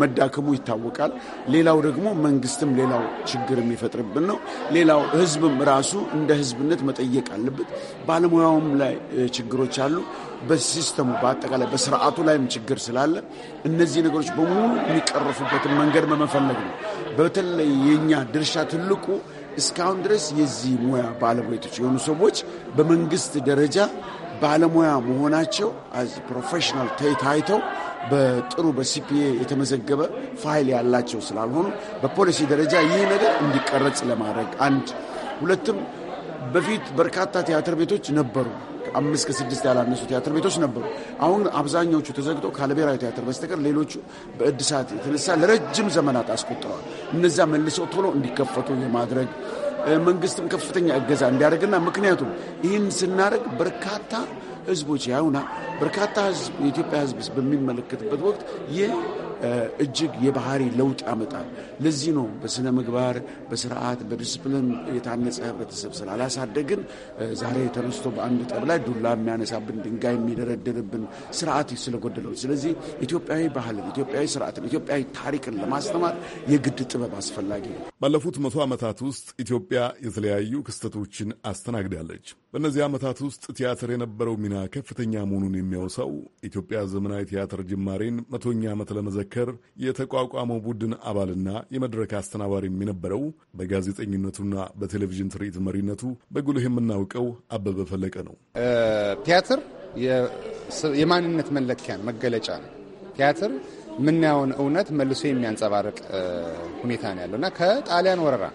መዳከሙ ይታወቃል። ሌላው ደግሞ መንግስትም ሌላው ችግር የሚፈጥርብን ነው። ሌላው ህዝብም ራሱ እንደ ህዝብነት መጠየቅ አለበት። ባለሙያውም ላይ ችግሮች አሉ። በሲስተሙ በአጠቃላይ በስርዓቱ ላይም ችግር ስላለ እነዚህ ነገሮች በሙሉ የሚቀረፉበትን መንገድ በመፈለግ ነው። በተለይ የእኛ ድርሻ ትልቁ እስካሁን ድረስ የዚህ ሙያ ባለሙያቶች የሆኑ ሰዎች በመንግስት ደረጃ ባለሙያ መሆናቸው አዝ ፕሮፌሽናል ታይተው በጥሩ በሲፒኤ የተመዘገበ ፋይል ያላቸው ስላልሆኑ በፖሊሲ ደረጃ ይህ ነገር እንዲቀረጽ ለማድረግ አንድ፣ ሁለትም በፊት በርካታ ቲያትር ቤቶች ነበሩ። አምስት ከስድስት ያላነሱ ቲያትር ቤቶች ነበሩ። አሁን አብዛኛዎቹ ተዘግቶ ካለብሔራዊ ቲያትር በስተቀር ሌሎቹ በእድሳት የተነሳ ለረጅም ዘመናት አስቆጥረዋል። እነዚያ መልሰው ቶሎ እንዲከፈቱ የማድረግ መንግስትም ከፍተኛ እገዛ እንዲያደርግና ምክንያቱም ይህን ስናደርግ በርካታ ህዝቦች ያውና በርካታ ህዝብ የኢትዮጵያ ህዝብ በሚመለከትበት ወቅት ይህ እጅግ የባህሪ ለውጥ ያመጣል። ለዚህ ነው በስነ ምግባር፣ በስርዓት፣ በዲስፕሊን የታነጸ ህብረተሰብ ስላላሳደግን ዛሬ ተነስቶ በአንድ ጠብ ላይ ዱላ የሚያነሳብን ድንጋይ የሚደረድርብን ስርዓት ስለጎደለው። ስለዚህ ኢትዮጵያዊ ባህልን፣ ኢትዮጵያዊ ስርዓትን፣ ኢትዮጵያዊ ታሪክን ለማስተማር የግድ ጥበብ አስፈላጊ ነው። ባለፉት መቶ ዓመታት ውስጥ ኢትዮጵያ የተለያዩ ክስተቶችን አስተናግዳለች። በእነዚህ ዓመታት ውስጥ ቲያትር የነበረው ሚና ከፍተኛ መሆኑን የሚያውሳው ኢትዮጵያ ዘመናዊ ቲያትር ጅማሬን መቶኛ ዓመት ለመዘከ ለመምከር የተቋቋመው ቡድን አባልና የመድረክ አስተናባሪም የነበረው በጋዜጠኝነቱና በቴሌቪዥን ትርኢት መሪነቱ በጉልህ የምናውቀው አበበ ፈለቀ ነው። ቲያትር የማንነት መለኪያን መገለጫ ነው። ቲያትር የምናየውን እውነት መልሶ የሚያንጸባርቅ ሁኔታ ነው ያለው እና ከጣሊያን ወረራ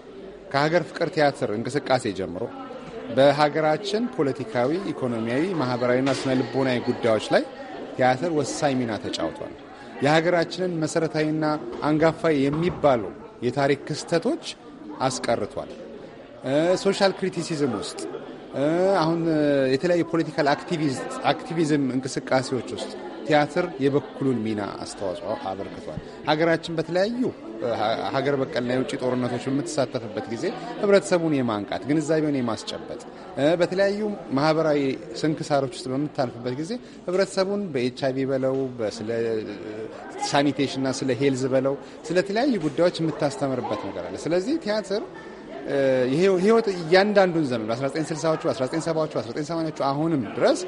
ከሀገር ፍቅር ቲያትር እንቅስቃሴ ጀምሮ በሀገራችን ፖለቲካዊ፣ ኢኮኖሚያዊ፣ ማህበራዊና ስነ ልቦናዊ ጉዳዮች ላይ ቲያትር ወሳኝ ሚና ተጫውቷል። የሀገራችንን መሰረታዊና አንጋፋ የሚባሉ የታሪክ ክስተቶች አስቀርቷል። ሶሻል ክሪቲሲዝም ውስጥ አሁን የተለያዩ ፖለቲካል አክቲቪዝም እንቅስቃሴዎች ውስጥ ቲያትር የበኩሉን ሚና አስተዋጽኦ አበርክቷል። ሀገራችን በተለያዩ ሀገር በቀልና የውጭ ጦርነቶች በምትሳተፍበት ጊዜ ህብረተሰቡን የማንቃት ግንዛቤውን የማስጨበጥ በተለያዩ ማህበራዊ ስንክሳሮች ውስጥ በምታልፍበት ጊዜ ህብረተሰቡን በኤች አይቪ በለው ስለ ሳኒቴሽንና ስለ ሄልዝ በለው ስለተለያዩ ጉዳዮች የምታስተምርበት ነገር አለ። ስለዚህ ቲያትር ህይወት እያንዳንዱን ዘመን በ1960ዎቹ፣ 1970ዎቹ፣ 1980ዎቹ አሁንም ድረስ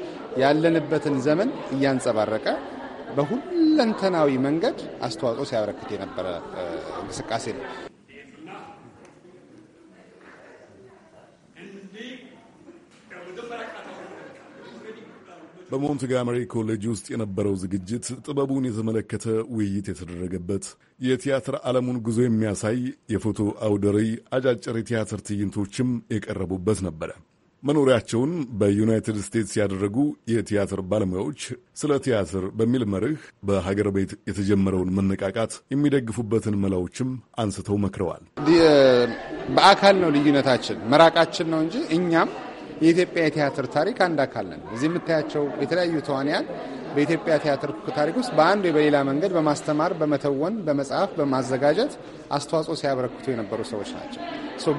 ያለንበትን ዘመን እያንጸባረቀ በሁለንተናዊ መንገድ አስተዋጽኦ ሲያበረክት የነበረ እንቅስቃሴ ነው። በሞንትጋመሪ ኮሌጅ ውስጥ የነበረው ዝግጅት ጥበቡን የተመለከተ ውይይት የተደረገበት የቲያትር ዓለሙን ጉዞ የሚያሳይ የፎቶ አውደ ርዕይ፣ አጫጭር የቲያትር ትዕይንቶችም የቀረቡበት ነበረ። መኖሪያቸውን በዩናይትድ ስቴትስ ያደረጉ የቲያትር ባለሙያዎች ስለ ቲያትር በሚል መርህ በሀገር ቤት የተጀመረውን መነቃቃት የሚደግፉበትን መላዎችም አንስተው መክረዋል። በአካል ነው ልዩነታችን፣ መራቃችን ነው እንጂ እኛም የኢትዮጵያ የቲያትር ታሪክ አንድ አካል ነን። እዚህ የምታያቸው የተለያዩ ተዋንያን በኢትዮጵያ ቲያትር ታሪክ ውስጥ በአንድ በሌላ መንገድ በማስተማር፣ በመተወን፣ በመጽሐፍ፣ በማዘጋጀት አስተዋጽኦ ሲያበረክቱ የነበሩ ሰዎች ናቸው።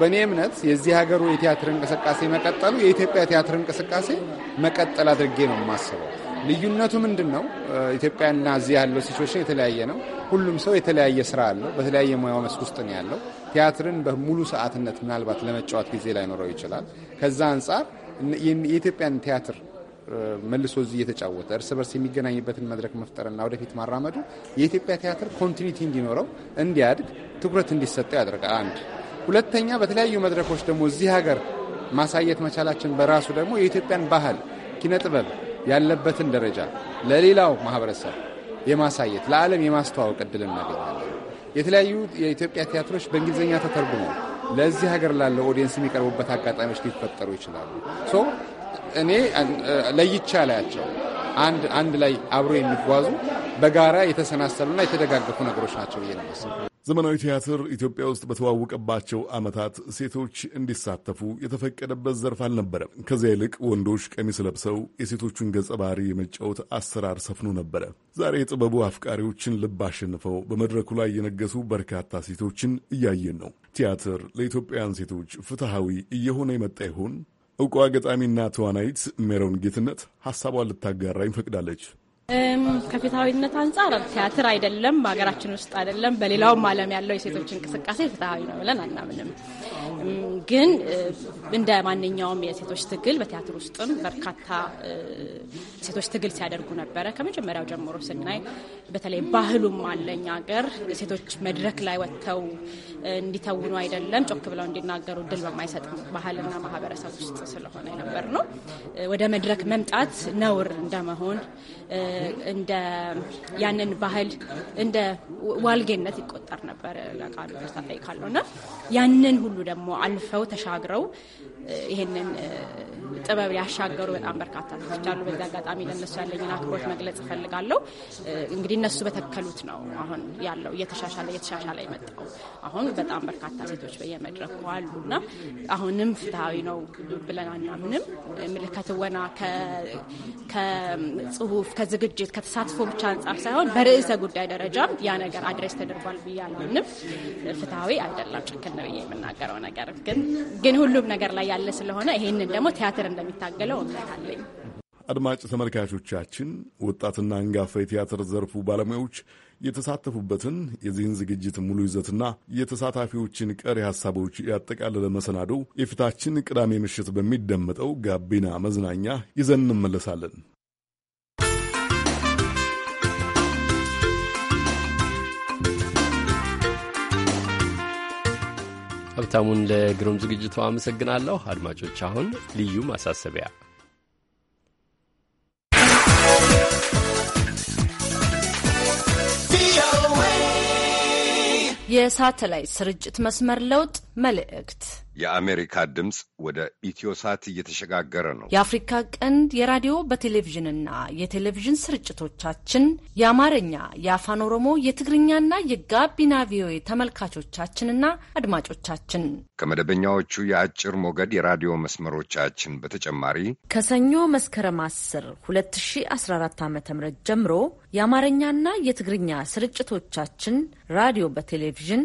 በእኔ እምነት የዚህ ሀገሩ የቲያትር እንቅስቃሴ መቀጠሉ የኢትዮጵያ ቲያትር እንቅስቃሴ መቀጠል አድርጌ ነው የማስበው። ልዩነቱ ምንድን ነው? ኢትዮጵያና እዚህ ያለው ሲቹዌሽን የተለያየ ነው። ሁሉም ሰው የተለያየ ስራ አለው። በተለያየ ሙያው መስክ ውስጥ ነው ያለው። ቲያትርን በሙሉ ሰዓትነት ምናልባት ለመጫወት ጊዜ ላይኖረው ይችላል። ከዛ አንጻር የኢትዮጵያን ቲያትር መልሶ እዚህ እየተጫወተ እርስ በርስ የሚገናኝበትን መድረክ መፍጠርና ወደፊት ማራመዱ የኢትዮጵያ ቲያትር ኮንቲኒቲ እንዲኖረው እንዲያድግ ትኩረት እንዲሰጠው ያደርጋል። አንድ ሁለተኛ፣ በተለያዩ መድረኮች ደግሞ እዚህ ሀገር ማሳየት መቻላችን በራሱ ደግሞ የኢትዮጵያን ባህል ኪነ ጥበብ ያለበትን ደረጃ ለሌላው ማህበረሰብ የማሳየት ለዓለም የማስተዋወቅ እድል እናገኛለን። የተለያዩ የኢትዮጵያ ቲያትሮች በእንግሊዝኛ ተተርጉመው ለዚህ ሀገር ላለው ኦዲየንስ የሚቀርቡበት አጋጣሚዎች ሊፈጠሩ ይችላሉ። ሶ እኔ ለይቻ ላያቸው አንድ አንድ ላይ አብሮ የሚጓዙ በጋራ የተሰናሰሉና የተደጋገፉ ነገሮች ናቸው ብዬ ነው። ዘመናዊ ቲያትር ኢትዮጵያ ውስጥ በተዋወቀባቸው ዓመታት ሴቶች እንዲሳተፉ የተፈቀደበት ዘርፍ አልነበረም። ከዚያ ይልቅ ወንዶች ቀሚስ ለብሰው የሴቶቹን ገጸ ባህሪ የመጫወት አሰራር ሰፍኖ ነበረ። ዛሬ የጥበቡ አፍቃሪዎችን ልብ አሸንፈው በመድረኩ ላይ የነገሱ በርካታ ሴቶችን እያየን ነው። ቲያትር ለኢትዮጵያውያን ሴቶች ፍትሐዊ እየሆነ የመጣ ይሆን? እውቋ ገጣሚና ተዋናይት ሜሮን ጌትነት ሐሳቧን ልታጋራኝ ፈቅዳለች። ከፍትሐዊነት አንጻር ቲያትር አይደለም፣ በሀገራችን ውስጥ አይደለም፣ በሌላውም ዓለም ያለው የሴቶች እንቅስቃሴ ፍትሐዊ ነው ብለን አናምንም። ግን እንደ ማንኛውም የሴቶች ትግል በቲያትር ውስጥም በርካታ ሴቶች ትግል ሲያደርጉ ነበረ። ከመጀመሪያው ጀምሮ ስናይ በተለይ ባህሉም አለኝ ሀገር ሴቶች መድረክ ላይ ወጥተው እንዲተውኑ አይደለም፣ ጮክ ብለው እንዲናገሩ እድል በማይሰጥ ባህልና ማህበረሰብ ውስጥ ስለሆነ ነበር ነው። ወደ መድረክ መምጣት ነውር እንደመሆን እንደ ያንን ባህል እንደ ዋልጌነት ይቆጠር ነበር ለቃሉ ይቅርታ እጠይቃለሁ እና ያንን ሁሉ ደግሞ አልፈው ተሻግረው ይሄንን ጥበብ ያሻገሩ በጣም በርካታ ሰዎች አሉ። በዚህ አጋጣሚ ለእነሱ ያለኝን አክብሮት መግለጽ እፈልጋለሁ። እንግዲህ እነሱ በተከሉት ነው አሁን ያለው እየተሻሻለ እየተሻሻለ የመጣው አሁን በጣም በርካታ ሴቶች በየመድረኩ አሉ እና አሁንም ፍትሐዊ ነው ብለን አናምንም። ምልከትወና ከጽሁፍ ከዝግጅት ከተሳትፎ ብቻ አንጻር ሳይሆን በርዕሰ ጉዳይ ደረጃም ያ ነገር አድሬስ ተደርጓል ብዬ አላምንም። ፍትሐዊ አይደለም ጭክን ነው ብዬ የምናገረው ነገር ግን ግን ሁሉም ነገር ላይ ያለ ስለሆነ ይህንን ደግሞ ቲያትር እንደሚታገለው እምነት አለኝ። አድማጭ ተመልካቾቻችን ወጣትና አንጋፋ የቲያትር ዘርፉ ባለሙያዎች የተሳተፉበትን የዚህን ዝግጅት ሙሉ ይዘትና የተሳታፊዎችን ቀሪ ሀሳቦች ያጠቃለለ መሰናዶ የፊታችን ቅዳሜ ምሽት በሚደመጠው ጋቢና መዝናኛ ይዘን እንመለሳለን። ሀብታሙን ለግሩም ዝግጅቱ አመሰግናለሁ። አድማጮች፣ አሁን ልዩ ማሳሰቢያ የሳተላይት ስርጭት መስመር ለውጥ መልእክት የአሜሪካ ድምፅ ወደ ኢትዮሳት እየተሸጋገረ ነው። የአፍሪካ ቀንድ የራዲዮ በቴሌቪዥንና የቴሌቪዥን ስርጭቶቻችን የአማርኛ፣ የአፋን ኦሮሞ፣ የትግርኛና የጋቢና ቪኦኤ ተመልካቾቻችንና አድማጮቻችን ከመደበኛዎቹ የአጭር ሞገድ የራዲዮ መስመሮቻችን በተጨማሪ ከሰኞ መስከረም 10 2014 ዓ ም ጀምሮ የአማርኛና የትግርኛ ስርጭቶቻችን ራዲዮ በቴሌቪዥን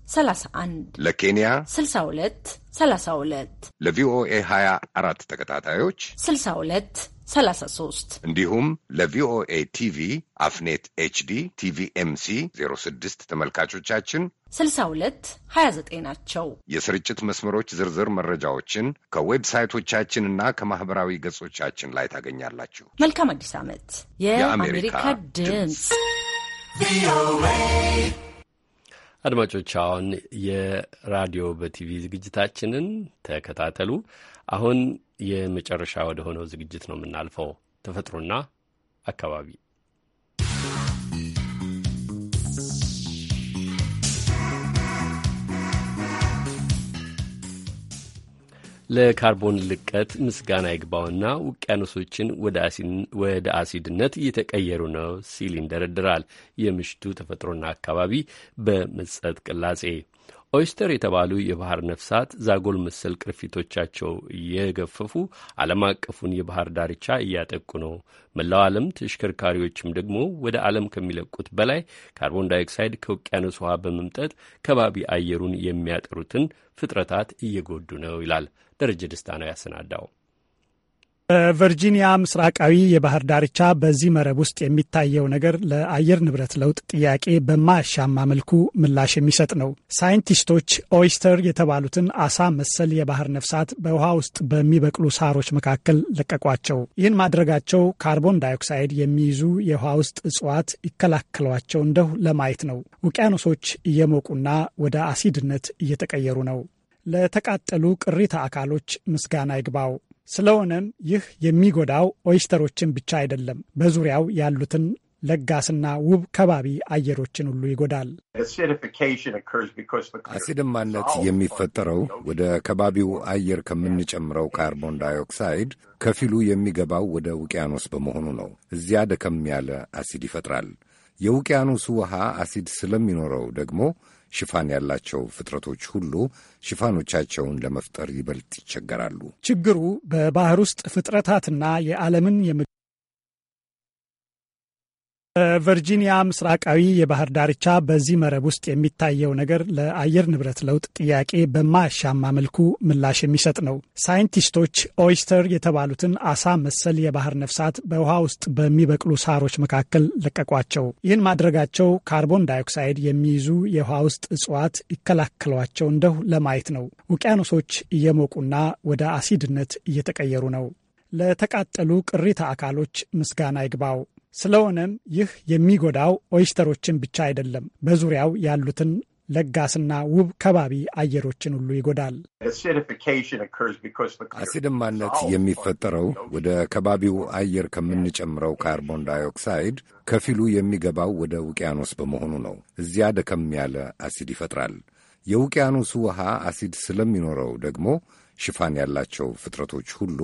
31 ለኬንያ 62 32 ለቪኦኤ 24 ተከታታዮች 62 33 እንዲሁም ለቪኦኤ ቲቪ አፍኔት ኤችዲ ቲቪ ኤምሲ 06 ተመልካቾቻችን 62 29 ናቸው። የስርጭት መስመሮች ዝርዝር መረጃዎችን ከዌብሳይቶቻችንና ከማኅበራዊ ገጾቻችን ላይ ታገኛላችሁ። መልካም አዲስ ዓመት። የአሜሪካ ድምፅ አድማጮች አሁን የራዲዮ በቲቪ ዝግጅታችንን ተከታተሉ። አሁን የመጨረሻ ወደ ሆነው ዝግጅት ነው የምናልፈው፣ ተፈጥሮና አካባቢ ለካርቦን ልቀት ምስጋና ይግባውና ውቅያኖሶችን ወደ አሲድነት እየተቀየሩ ነው ሲል ይንደረድራል። የምሽቱ ተፈጥሮና አካባቢ በምጸት ቅላጼ ኦይስተር የተባሉ የባህር ነፍሳት ዛጎል መሰል ቅርፊቶቻቸው እየገፈፉ ዓለም አቀፉን የባህር ዳርቻ እያጠቁ ነው። መላው ዓለም ተሽከርካሪዎችም ደግሞ ወደ ዓለም ከሚለቁት በላይ ካርቦን ዳይኦክሳይድ ከውቅያኖስ ውሃ በመምጠጥ ከባቢ አየሩን የሚያጠሩትን ፍጥረታት እየጎዱ ነው ይላል ደረጀ ደስታ ነው ያሰናዳው። በቨርጂኒያ ምስራቃዊ የባህር ዳርቻ በዚህ መረብ ውስጥ የሚታየው ነገር ለአየር ንብረት ለውጥ ጥያቄ በማያሻማ መልኩ ምላሽ የሚሰጥ ነው። ሳይንቲስቶች ኦይስተር የተባሉትን አሳ መሰል የባህር ነፍሳት በውሃ ውስጥ በሚበቅሉ ሳሮች መካከል ለቀቋቸው። ይህን ማድረጋቸው ካርቦን ዳይኦክሳይድ የሚይዙ የውሃ ውስጥ እጽዋት ይከላከሏቸው እንደሁ ለማየት ነው። ውቅያኖሶች እየሞቁና ወደ አሲድነት እየተቀየሩ ነው። ለተቃጠሉ ቅሪተ አካሎች ምስጋና ይግባው። ስለሆነም ይህ የሚጎዳው ኦይስተሮችን ብቻ አይደለም፣ በዙሪያው ያሉትን ለጋስና ውብ ከባቢ አየሮችን ሁሉ ይጎዳል። አሲድማነት የሚፈጠረው ወደ ከባቢው አየር ከምንጨምረው ካርቦን ዳይኦክሳይድ ከፊሉ የሚገባው ወደ ውቅያኖስ በመሆኑ ነው። እዚያ ደከም ያለ አሲድ ይፈጥራል። የውቅያኖሱ ውሃ አሲድ ስለሚኖረው ደግሞ ሽፋን ያላቸው ፍጥረቶች ሁሉ ሽፋኖቻቸውን ለመፍጠር ይበልጥ ይቸገራሉ። ችግሩ በባህር ውስጥ ፍጥረታትና የዓለምን በቨርጂኒያ ምስራቃዊ የባህር ዳርቻ በዚህ መረብ ውስጥ የሚታየው ነገር ለአየር ንብረት ለውጥ ጥያቄ በማያሻማ መልኩ ምላሽ የሚሰጥ ነው። ሳይንቲስቶች ኦይስተር የተባሉትን አሳ መሰል የባህር ነፍሳት በውሃ ውስጥ በሚበቅሉ ሳሮች መካከል ለቀቋቸው። ይህን ማድረጋቸው ካርቦን ዳይኦክሳይድ የሚይዙ የውሃ ውስጥ እጽዋት ይከላከሏቸው እንደሁ ለማየት ነው። ውቅያኖሶች እየሞቁና ወደ አሲድነት እየተቀየሩ ነው። ለተቃጠሉ ቅሪተ አካሎች ምስጋና ይግባው። ስለሆነም ይህ የሚጎዳው ኦይስተሮችን ብቻ አይደለም፣ በዙሪያው ያሉትን ለጋስና ውብ ከባቢ አየሮችን ሁሉ ይጎዳል። አሲድማነት የሚፈጠረው ወደ ከባቢው አየር ከምንጨምረው ካርቦን ዳይኦክሳይድ ከፊሉ የሚገባው ወደ ውቅያኖስ በመሆኑ ነው። እዚያ ደከም ያለ አሲድ ይፈጥራል። የውቅያኖሱ ውሃ አሲድ ስለሚኖረው ደግሞ ሽፋን ያላቸው ፍጥረቶች ሁሉ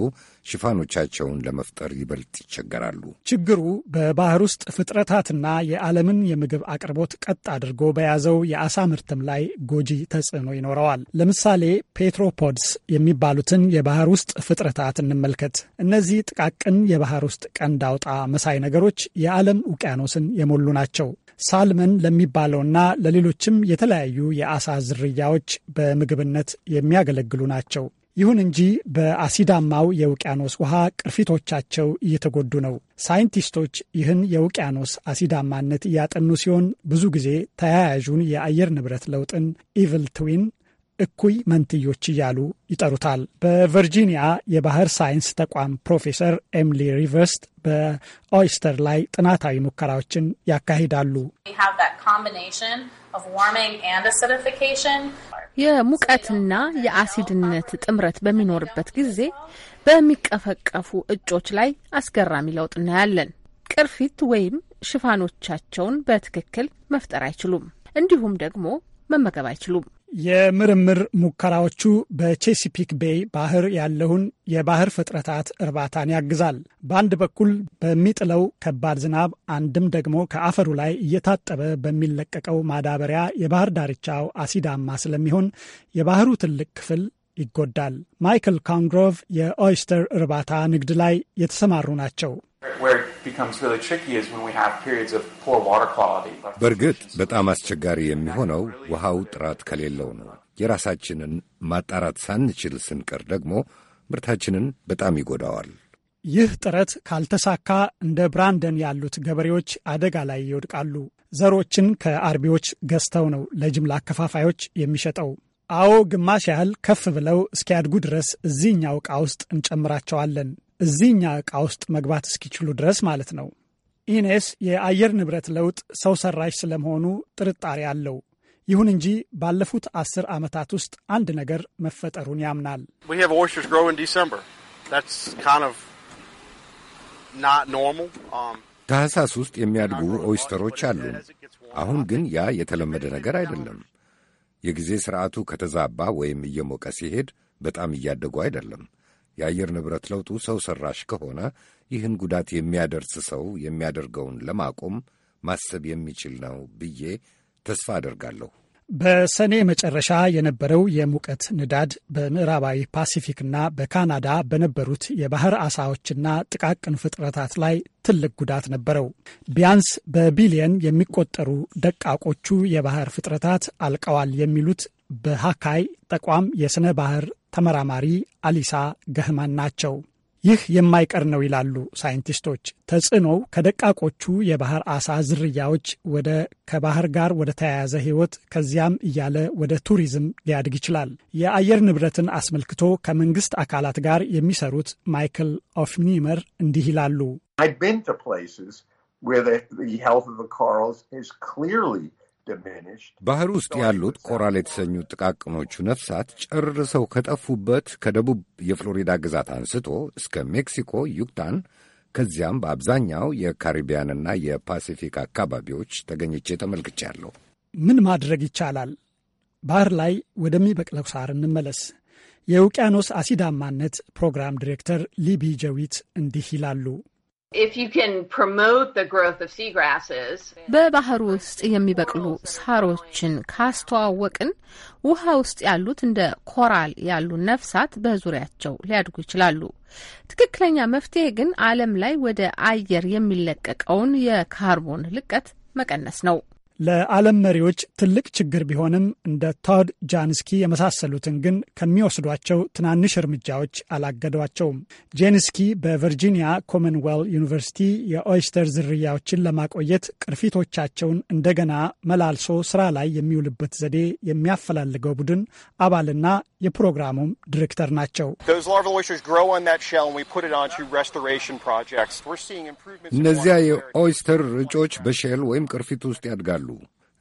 ሽፋኖቻቸውን ለመፍጠር ይበልጥ ይቸገራሉ። ችግሩ በባህር ውስጥ ፍጥረታትና የዓለምን የምግብ አቅርቦት ቀጥ አድርጎ በያዘው የአሳ ምርትም ላይ ጎጂ ተጽዕኖ ይኖረዋል። ለምሳሌ ፔትሮፖድስ የሚባሉትን የባህር ውስጥ ፍጥረታት እንመልከት። እነዚህ ጥቃቅን የባህር ውስጥ ቀንድ አውጣ መሳይ ነገሮች የዓለም ውቅያኖስን የሞሉ ናቸው። ሳልመን ለሚባለውና ለሌሎችም የተለያዩ የአሳ ዝርያዎች በምግብነት የሚያገለግሉ ናቸው። ይሁን እንጂ በአሲዳማው የውቅያኖስ ውሃ ቅርፊቶቻቸው እየተጎዱ ነው። ሳይንቲስቶች ይህን የውቅያኖስ አሲዳማነት እያጠኑ ሲሆን ብዙ ጊዜ ተያያዡን የአየር ንብረት ለውጥን ኢቭል ትዊን እኩይ መንትዮች እያሉ ይጠሩታል። በቨርጂኒያ የባህር ሳይንስ ተቋም ፕሮፌሰር ኤሚሊ ሪቨርስት በኦይስተር ላይ ጥናታዊ ሙከራዎችን ያካሂዳሉ። የሙቀትና የአሲድነት ጥምረት በሚኖርበት ጊዜ በሚቀፈቀፉ እጮች ላይ አስገራሚ ለውጥ እናያለን። ቅርፊት ወይም ሽፋኖቻቸውን በትክክል መፍጠር አይችሉም፣ እንዲሁም ደግሞ መመገብ አይችሉም። የምርምር ሙከራዎቹ በቼሲፒክ ቤይ ባህር ያለውን የባህር ፍጥረታት እርባታን ያግዛል። በአንድ በኩል በሚጥለው ከባድ ዝናብ፣ አንድም ደግሞ ከአፈሩ ላይ እየታጠበ በሚለቀቀው ማዳበሪያ የባህር ዳርቻው አሲዳማ ስለሚሆን የባህሩ ትልቅ ክፍል ይጎዳል። ማይክል ኮንግሮቭ የኦይስተር እርባታ ንግድ ላይ የተሰማሩ ናቸው። በእርግጥ በጣም አስቸጋሪ የሚሆነው ውሃው ጥራት ከሌለው ነው። የራሳችንን ማጣራት ሳንችል ስንቀር ደግሞ ምርታችንን በጣም ይጎዳዋል። ይህ ጥረት ካልተሳካ እንደ ብራንደን ያሉት ገበሬዎች አደጋ ላይ ይወድቃሉ። ዘሮችን ከአርቢዎች ገዝተው ነው ለጅምላ አከፋፋዮች የሚሸጠው። አዎ ግማሽ ያህል ከፍ ብለው እስኪያድጉ ድረስ እዚህኛው ዕቃ ውስጥ እንጨምራቸዋለን። እዚህኛ ዕቃ ውስጥ መግባት እስኪችሉ ድረስ ማለት ነው። ኢኔስ የአየር ንብረት ለውጥ ሰው ሰራሽ ስለመሆኑ ጥርጣሬ አለው። ይሁን እንጂ ባለፉት አስር ዓመታት ውስጥ አንድ ነገር መፈጠሩን ያምናል። um, ታህሳስ ውስጥ የሚያድጉ ኦይስተሮች አሉ። አሁን ግን ያ የተለመደ ነገር አይደለም። የጊዜ ስርዓቱ ከተዛባ ወይም እየሞቀ ሲሄድ በጣም እያደጉ አይደለም። የአየር ንብረት ለውጡ ሰው ሰራሽ ከሆነ ይህን ጉዳት የሚያደርስ ሰው የሚያደርገውን ለማቆም ማሰብ የሚችል ነው ብዬ ተስፋ አደርጋለሁ። በሰኔ መጨረሻ የነበረው የሙቀት ንዳድ በምዕራባዊ ፓሲፊክና በካናዳ በነበሩት የባህር አሳዎችና ጥቃቅን ፍጥረታት ላይ ትልቅ ጉዳት ነበረው። ቢያንስ በቢሊየን የሚቆጠሩ ደቃቆቹ የባህር ፍጥረታት አልቀዋል የሚሉት በሃካይ ተቋም የሥነ ባህር ተመራማሪ አሊሳ ገህማን ናቸው። ይህ የማይቀር ነው ይላሉ ሳይንቲስቶች። ተጽዕኖው ከደቃቆቹ የባህር አሳ ዝርያዎች ወደ ከባህር ጋር ወደ ተያያዘ ህይወት፣ ከዚያም እያለ ወደ ቱሪዝም ሊያድግ ይችላል። የአየር ንብረትን አስመልክቶ ከመንግስት አካላት ጋር የሚሰሩት ማይክል ኦፍኒመር እንዲህ ይላሉ። ባህር ውስጥ ያሉት ኮራል የተሰኙ ጥቃቅኖቹ ነፍሳት ጨርሰው ከጠፉበት ከደቡብ የፍሎሪዳ ግዛት አንስቶ እስከ ሜክሲኮ ዩክታን፣ ከዚያም በአብዛኛው የካሪቢያንና የፓሲፊክ አካባቢዎች ተገኝቼ ተመልክቻለሁ። ምን ማድረግ ይቻላል? ባህር ላይ ወደሚበቅለው ሳር እንመለስ። የውቅያኖስ አሲዳማነት ፕሮግራም ዲሬክተር ሊቢ ጀዊት እንዲህ ይላሉ። በባህር ውስጥ የሚበቅሉ ሳሮችን ካስተዋወቅን ውሃ ውስጥ ያሉት እንደ ኮራል ያሉ ነፍሳት በዙሪያቸው ሊያድጉ ይችላሉ። ትክክለኛ መፍትሄ ግን ዓለም ላይ ወደ አየር የሚለቀቀውን የካርቦን ልቀት መቀነስ ነው። ለዓለም መሪዎች ትልቅ ችግር ቢሆንም እንደ ቶድ ጃንስኪ የመሳሰሉትን ግን ከሚወስዷቸው ትናንሽ እርምጃዎች አላገዷቸውም። ጄንስኪ በቨርጂኒያ ኮመንዌል ዩኒቨርሲቲ የኦይስተር ዝርያዎችን ለማቆየት ቅርፊቶቻቸውን እንደገና መላልሶ ስራ ላይ የሚውልበት ዘዴ የሚያፈላልገው ቡድን አባልና የፕሮግራሙም ዲሬክተር ናቸው። እነዚያ የኦይስተር ርጮች በሼል ወይም ቅርፊት ውስጥ ያድጋሉ። አሉ።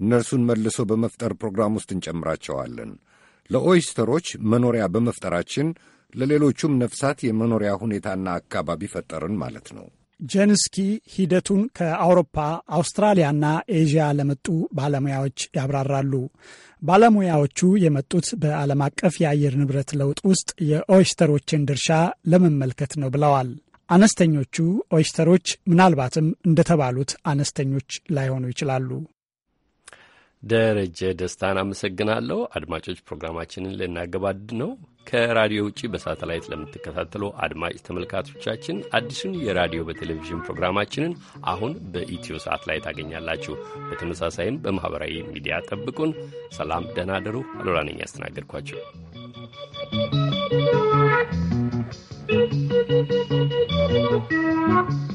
እነርሱን መልሶ በመፍጠር ፕሮግራም ውስጥ እንጨምራቸዋለን። ለኦይስተሮች መኖሪያ በመፍጠራችን ለሌሎቹም ነፍሳት የመኖሪያ ሁኔታና አካባቢ ፈጠርን ማለት ነው። ጀንስኪ ሂደቱን ከአውሮፓ አውስትራሊያና ኤዥያ ለመጡ ባለሙያዎች ያብራራሉ። ባለሙያዎቹ የመጡት በዓለም አቀፍ የአየር ንብረት ለውጥ ውስጥ የኦይስተሮችን ድርሻ ለመመልከት ነው ብለዋል። አነስተኞቹ ኦይስተሮች ምናልባትም እንደተባሉት አነስተኞች ላይሆኑ ይችላሉ። ደረጀ ደስታን አመሰግናለሁ። አድማጮች ፕሮግራማችንን ልናገባድ ነው። ከራዲዮ ውጪ በሳተላይት ለምትከታተሉ አድማጭ ተመልካቾቻችን አዲሱን የራዲዮ በቴሌቪዥን ፕሮግራማችንን አሁን በኢትዮ ሰዓት ላይ ታገኛላችሁ። በተመሳሳይም በማኅበራዊ ሚዲያ ጠብቁን። ሰላም፣ ደህና አደሩ። አሉላ ነኝ you.